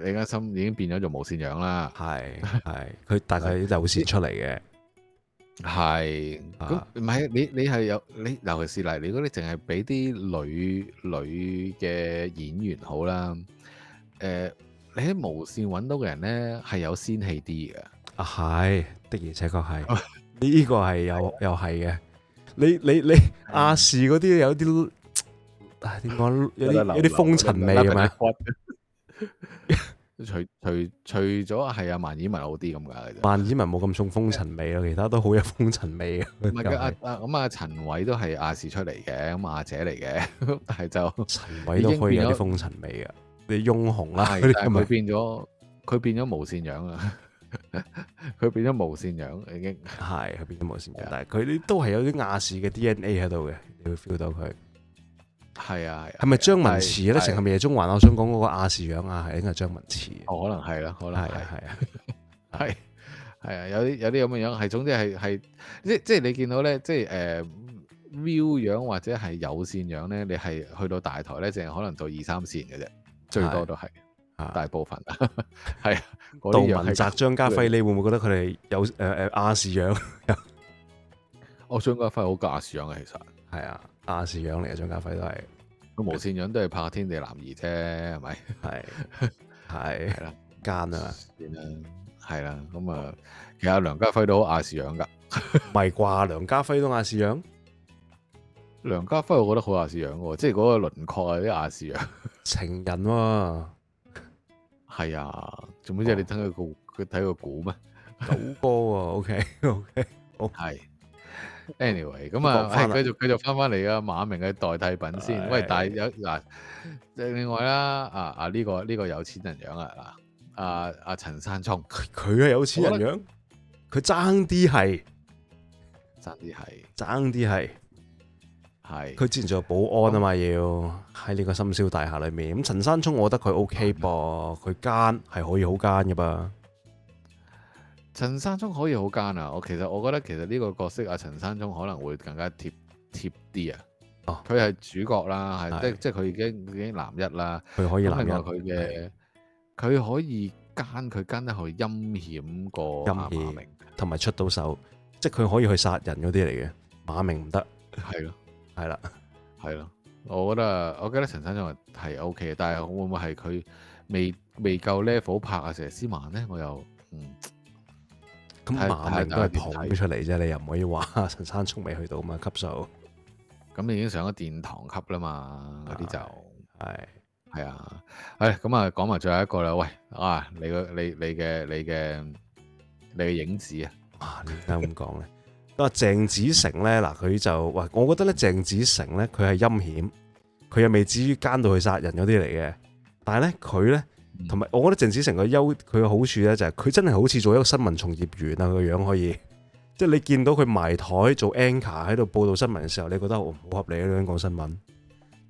李佳芯已經變咗做無綫樣啦，係係，佢大概有線出嚟嘅。係咁唔係你你係有你尤其是例如你嗰啲淨係俾啲女女嘅演員好啦，誒你喺無線揾到嘅人咧係有仙氣啲嘅，啊係的而且確係呢個係有又係嘅，你你你亞視嗰啲有啲，啊點講有啲有啲風塵味係咪？除除除咗係阿萬綺雯好啲咁噶，萬綺雯冇咁重風塵味咯，其他都好有風塵味。唔係佢阿阿咁阿陳煒都係亞視出嚟嘅，咁、啊、阿姐嚟嘅， *laughs* 但係就陳煒都可以有啲風塵味噶，你翁虹啦，係佢但係佢變咗，佢變咗無線樣啊，佢 *laughs* 變咗無，無線樣，已經係變咗無線樣，但係佢啲都係有啲亞視嘅 DNA 喺度嘅，你會 feel 到佢。係啊，係咪張文慈咧？成係咪夜中環？我想講嗰個亞視樣啊，係應該係張文慈，哦。可能係啦，啊，可能係啊，係啊，係係啊，啊，啊，啊，啊，有啲有啲咁嘅樣，係總之係係即即係你見到咧，即係誒 view 樣或者係有線樣咧，你係去到大台咧，淨係可能到二三線嘅啫，最多都係，啊，大部分 *laughs* 啊，係杜汶澤、張家輝，你會唔會覺得佢哋有誒誒亞視樣？我張家輝好夾亞視樣嘅，其實係啊。亞、啊、視樣嚟嘅張家輝都係，個無綫樣都係拍《天地男兒》啫，係 *laughs* 咪是的？係係係啦，奸啊，係啦，咁啊、嗯，其實梁家輝都亞視、啊、樣噶，唔係啩？梁家輝都亞、啊、視樣？梁家輝我覺得好亞視樣嘅，即係嗰個輪廓啊， *laughs* 人啊，啲亞視樣。情人喎，係、哦、 *laughs* 啊？做咩啫？你睇佢個佢睇個股咩？賭波啊？OK OK OK，係、okay。Anyway，咁啊，誒，繼續繼續翻翻嚟啊，馬明嘅代替品先。喂，大有嗱，即係、啊、另外啦、啊，啊啊，呢個呢個有錢人樣啊，嗱、啊，阿、啊、阿、啊、陳山聰，佢係有錢人樣，佢爭啲係，爭啲係，爭啲係，係。佢之前做保安啊嘛，要喺呢個深宵大廈裏面。咁陳山聰，我覺得佢 OK 噃，佢奸係可以好奸嘅噃。陳山聰可以好奸啊！我其實我覺得其實呢個角色啊，陳山聰可能會更加貼貼啲啊。佢、哦、係主角啦，係即即佢已經已經男一啦。佢可以男佢嘅佢可以奸，佢奸得去陰險過馬，馬明，同埋出到手，即佢可以去殺人嗰啲嚟嘅，馬明唔得係咯，係啦，係咯。 *laughs* 我覺得我記得陳山聰係 O K 嘅，但係會唔會係佢未未夠 level 拍阿佘詩曼咧？我又嗯。咁萬人都捧出嚟啫，你又唔可以話陳山聰未去到咁嘅級數？咁你已經上咗殿堂級啦嘛？嗰啲就係係啊，哎，咁啊講埋最後一個啦。喂，啊，你個你你嘅你嘅你嘅影子啊，點解咁講咧？啊，不過呢鄭子誠咧，嗱佢就喂，我覺得咧，鄭子誠咧，佢係陰險，佢又未至於奸到去殺人嗰啲嚟嘅，但係咧佢咧。同、嗯、埋，我覺得鄭子誠個優佢嘅好處咧，就係佢真係好似做一個新聞從業員啊，個樣可以，即係你見到佢埋台做 anchor 喺度報道新聞嘅時候，你覺得好合理啊，咁樣講新聞，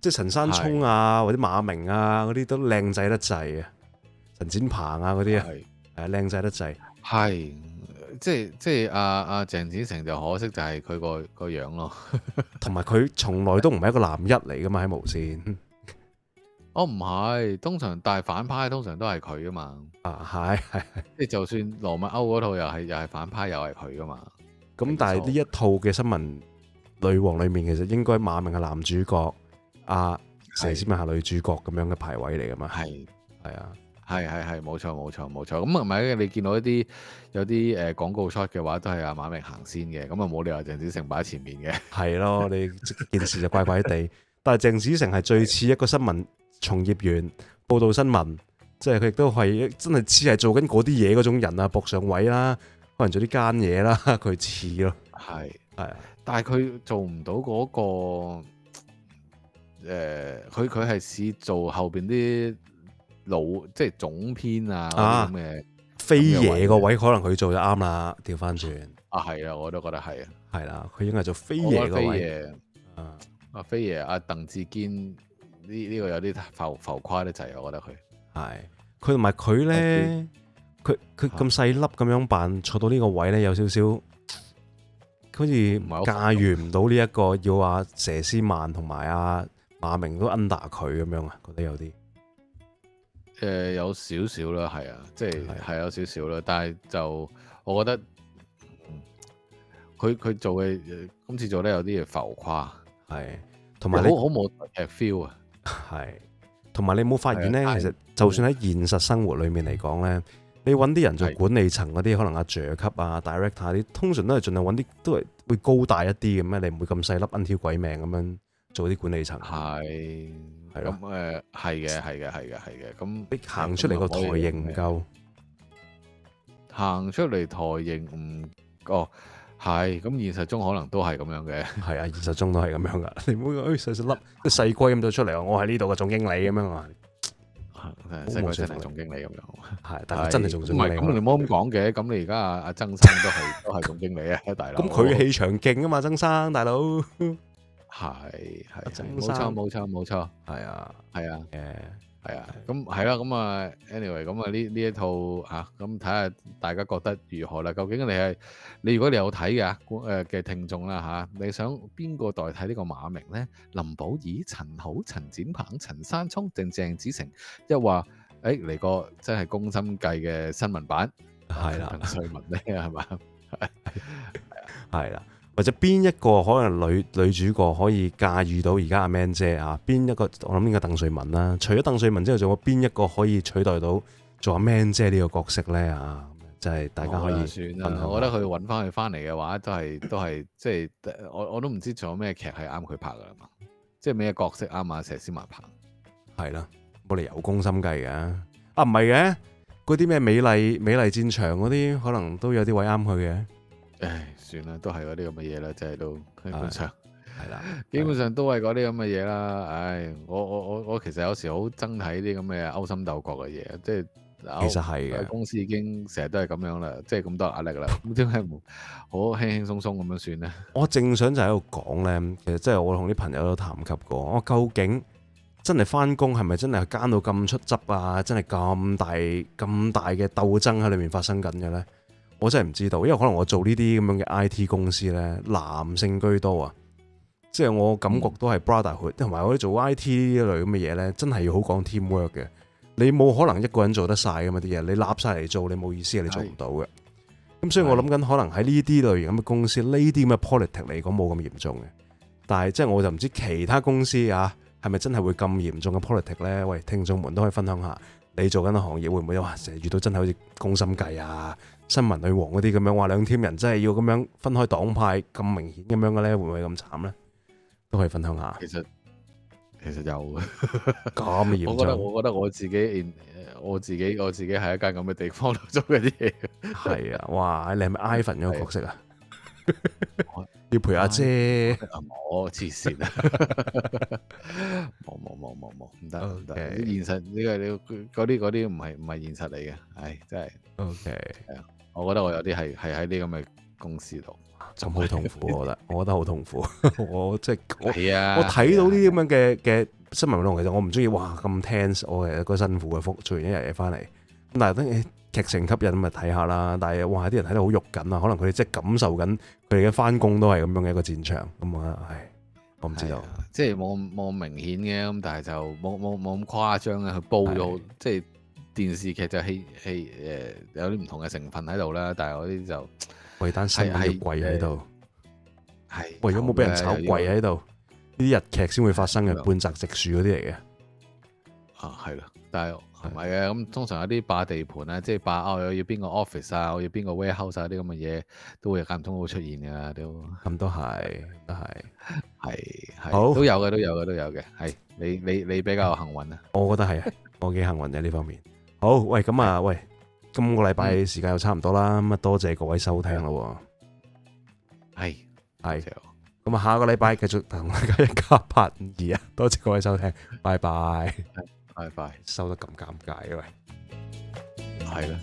即係陳山聰啊，或者馬明啊嗰啲都靚仔得滯啊，陳展鵬啊嗰啲係係靚仔得滯，係即係即係阿阿鄭子誠就可惜就係佢個個樣咯，同埋佢從來都唔係一個男一嚟噶嘛喺無線。是哦，唔係，通常大反派通常都係佢噶嘛。啊，係係，即係就算羅密歐嗰套又係又係反派又係佢噶嘛。咁、嗯、但係呢一套嘅新聞 *laughs* 女王裏面其實應該馬明係男主角，阿佘詩曼係女主角咁樣嘅排位嚟噶嘛。係係啊，係係係冇錯冇錯冇錯。咁唔係你見到一啲有啲誒廣告出嘅話，都係阿馬明行先嘅，咁啊冇理由鄭子成擺喺前面嘅。係咯，你件事就怪怪地， *laughs* 但係鄭子成係最似一個新聞從業員報道新聞，即係佢亦都係真係似係做緊嗰啲嘢，嗰種人啊，搏上位啦，可能做啲奸嘢啦，佢似咯。係係、啊，但係佢做唔到嗰，嗰個誒，佢佢係似做後邊啲老，即係總編啊咁嘅飛爺個位，可能佢做得啱啦，調翻轉。啊，係啊，啊，啊，我都覺得係、啊，係啦、啊，佢應該做飛爺個位我。啊，阿飛爺，阿、啊、鄧志堅。呢、這、呢個有啲浮浮誇得滯，我覺得佢係佢同埋佢咧，佢佢咁細粒咁樣扮，坐到呢個位咧，有少少好似駕馭唔到呢一點點、這個，要阿佘詩曼同埋阿馬明都 under 佢咁樣啊，覺得有啲誒、呃、有少少啦，係啊，即係係有少少啦，但係就我覺得，佢佢做嘅今次做得有啲嘢浮誇，係同埋好好冇 feel 啊！係，同埋你冇發現咧？其實就算喺現實生活裏面嚟講咧，你揾啲人做管理層嗰啲，可能阿助理級啊、director 啲，通常都係盡量揾啲，都係會高大一啲嘅咩？你唔會咁細粒，n 跳鬼命咁樣做啲管理層。係，係咯，誒，係嘅，係嘅，係嘅，係嘅，咁行出嚟個台型唔夠，行出嚟台型唔哦。係，咁現實中可能都係咁樣嘅，係 *laughs* 啊，現實中都係咁樣噶。 *laughs* 你唔好講誒細細粒細龜咁都出嚟啊！我係呢度嘅總經理咁樣啊，細 *laughs* 龜 *laughs* 真係總經理咁樣。係， *laughs* 但係真係總經理唔係咁，你唔好咁講嘅。咁 *laughs* 你而家阿阿曾生都係 *laughs* 都係總經理啊，大佬。咁佢氣場勁啊嘛，曾生大佬。係 *laughs* 係，曾生，冇錯冇錯冇錯，係啊係 *laughs* 啊，誒、啊。係啊，咁係啦，咁啊，anyway，咁啊呢呢一套嚇，咁睇下大家覺得如何啦？究竟你係你如果你有睇嘅，觀誒嘅聽眾啦嚇，你想邊個代替呢個馬明咧？林保怡、陳豪、陳展鵬、陳山聰定鄭子誠，又話誒嚟個真係宮心計嘅新聞版，係啦，碎文咧係嘛，係啊，係啦。或者邊一個可能女女主角可以駕馭到而家阿 Man 姐啊？邊一個我諗應該鄧萃雯啦。除咗鄧萃雯之後，仲有邊一個可以取代到做阿 Man 姐呢個角色咧啊？即係大家可以。算啦，我覺得佢揾翻佢翻嚟嘅話，都係都係即係，我我都唔知仲有咩劇係啱佢拍噶啦嘛。即係咩角色啱阿佘詩曼拍？係啦，我哋有宮心計嘅。啊唔係嘅，嗰啲咩美麗美麗戰場嗰啲，可能都有啲位啱佢嘅。唉。算啦，都係嗰啲咁嘅嘢啦，即係都基本上係啦、哎，基本上都係嗰啲咁嘅嘢啦。唉、哎，我我我我其實有時好憎睇啲咁嘅勾心鬥角嘅嘢，即係其實係嘅公司已經成日都係咁樣啦，即係咁多壓力啦，咁點解唔好輕輕鬆鬆咁樣算呢？我正想就喺度講咧，其實即係我同啲朋友都談及過，我究竟真係返工係咪真係奸到咁出汁啊？真係咁大咁大嘅鬥爭喺裏面發生緊嘅咧？我真係唔知道，因為可能我做呢啲咁樣嘅 I T 公司呢，男性居多啊，即係我感覺都係 brotherhood 同埋我哋做 I T 呢類咁嘅嘢呢，真係要好講 teamwork 嘅。你冇可能一個人做得晒咁嘅啲嘢，你攬晒嚟做，你冇意思，你做唔到嘅。咁所以我諗緊，可能喺呢啲類型咁嘅公司，呢啲咁嘅 politics 嚟講冇咁嚴重嘅。但係即係我就唔知其他公司啊，係咪真係會咁嚴重嘅 politics 呢？喂，聽眾們都可以分享下，你做緊嘅行業會唔會話成日遇到真係好似攻心計啊？新聞女王嗰啲咁樣話兩 team 人真係要咁樣分開黨派咁明顯咁樣嘅咧，會唔會咁慘咧？都可以分享下。其實其實有咁嚴重 *laughs* 我覺得我覺得我自己我自己我自己係一間咁嘅地方度做嘅啲嘢。係 *laughs* 啊，哇！你係咪 Ivan 個角色啊？ *laughs* 要陪阿姐，哎、我黐線啊！冇冇冇冇冇唔得唔得！我 *laughs* *laughs* 不 okay. 現實呢個嗰啲嗰啲唔係唔係現實嚟嘅，唉真係。O K，係啊，我覺得我有啲係係喺呢咁嘅公司度，就好痛苦。我覺得， *laughs* 我覺得好痛苦。 *laughs* 我即係、啊、我睇到呢啲咁樣嘅嘅新聞內容，其實、啊啊、我唔中意。哇，咁 tense，我其實好辛苦嘅，復做完一日嘢翻嚟。咁但係等劇情吸引咪睇下啦。但係哇，啲人睇到好肉緊啊，可能佢哋即係感受緊，佢哋嘅翻工都係咁樣嘅一個戰場。咁、嗯、啊，係、哎、我唔知道，啊、即係冇冇明顯嘅，咁但係就冇冇冇咁誇張嘅去暴咗、啊。即係。電視劇就戲戲誒有啲唔同嘅成分喺度啦，但係我啲就為單生意貴喺度，係為咗有冇俾人炒貴喺度。呢啲日劇先會發生嘅半澤直樹嗰啲嚟嘅啊，係咯，但係唔係嘅咁，通常有啲霸地盤啊，即係霸我，我要邊個 office 啊，我要邊個 warehouse 嗰啲咁嘅嘢都會間唔中會出現嘅，都咁都係都係係係好都有嘅都有嘅都有嘅，係你你你比較幸運啊，我覺得係啊，我幾幸運嘅呢方面。好喂，咁啊喂，今個禮拜時間又差唔多啦，咁啊多謝各位收聽咯，係係，咁啊下個禮拜繼續同大家一家852啊，多謝各位收聽，拜拜拜拜。收得咁尷尬啊喂，係啦。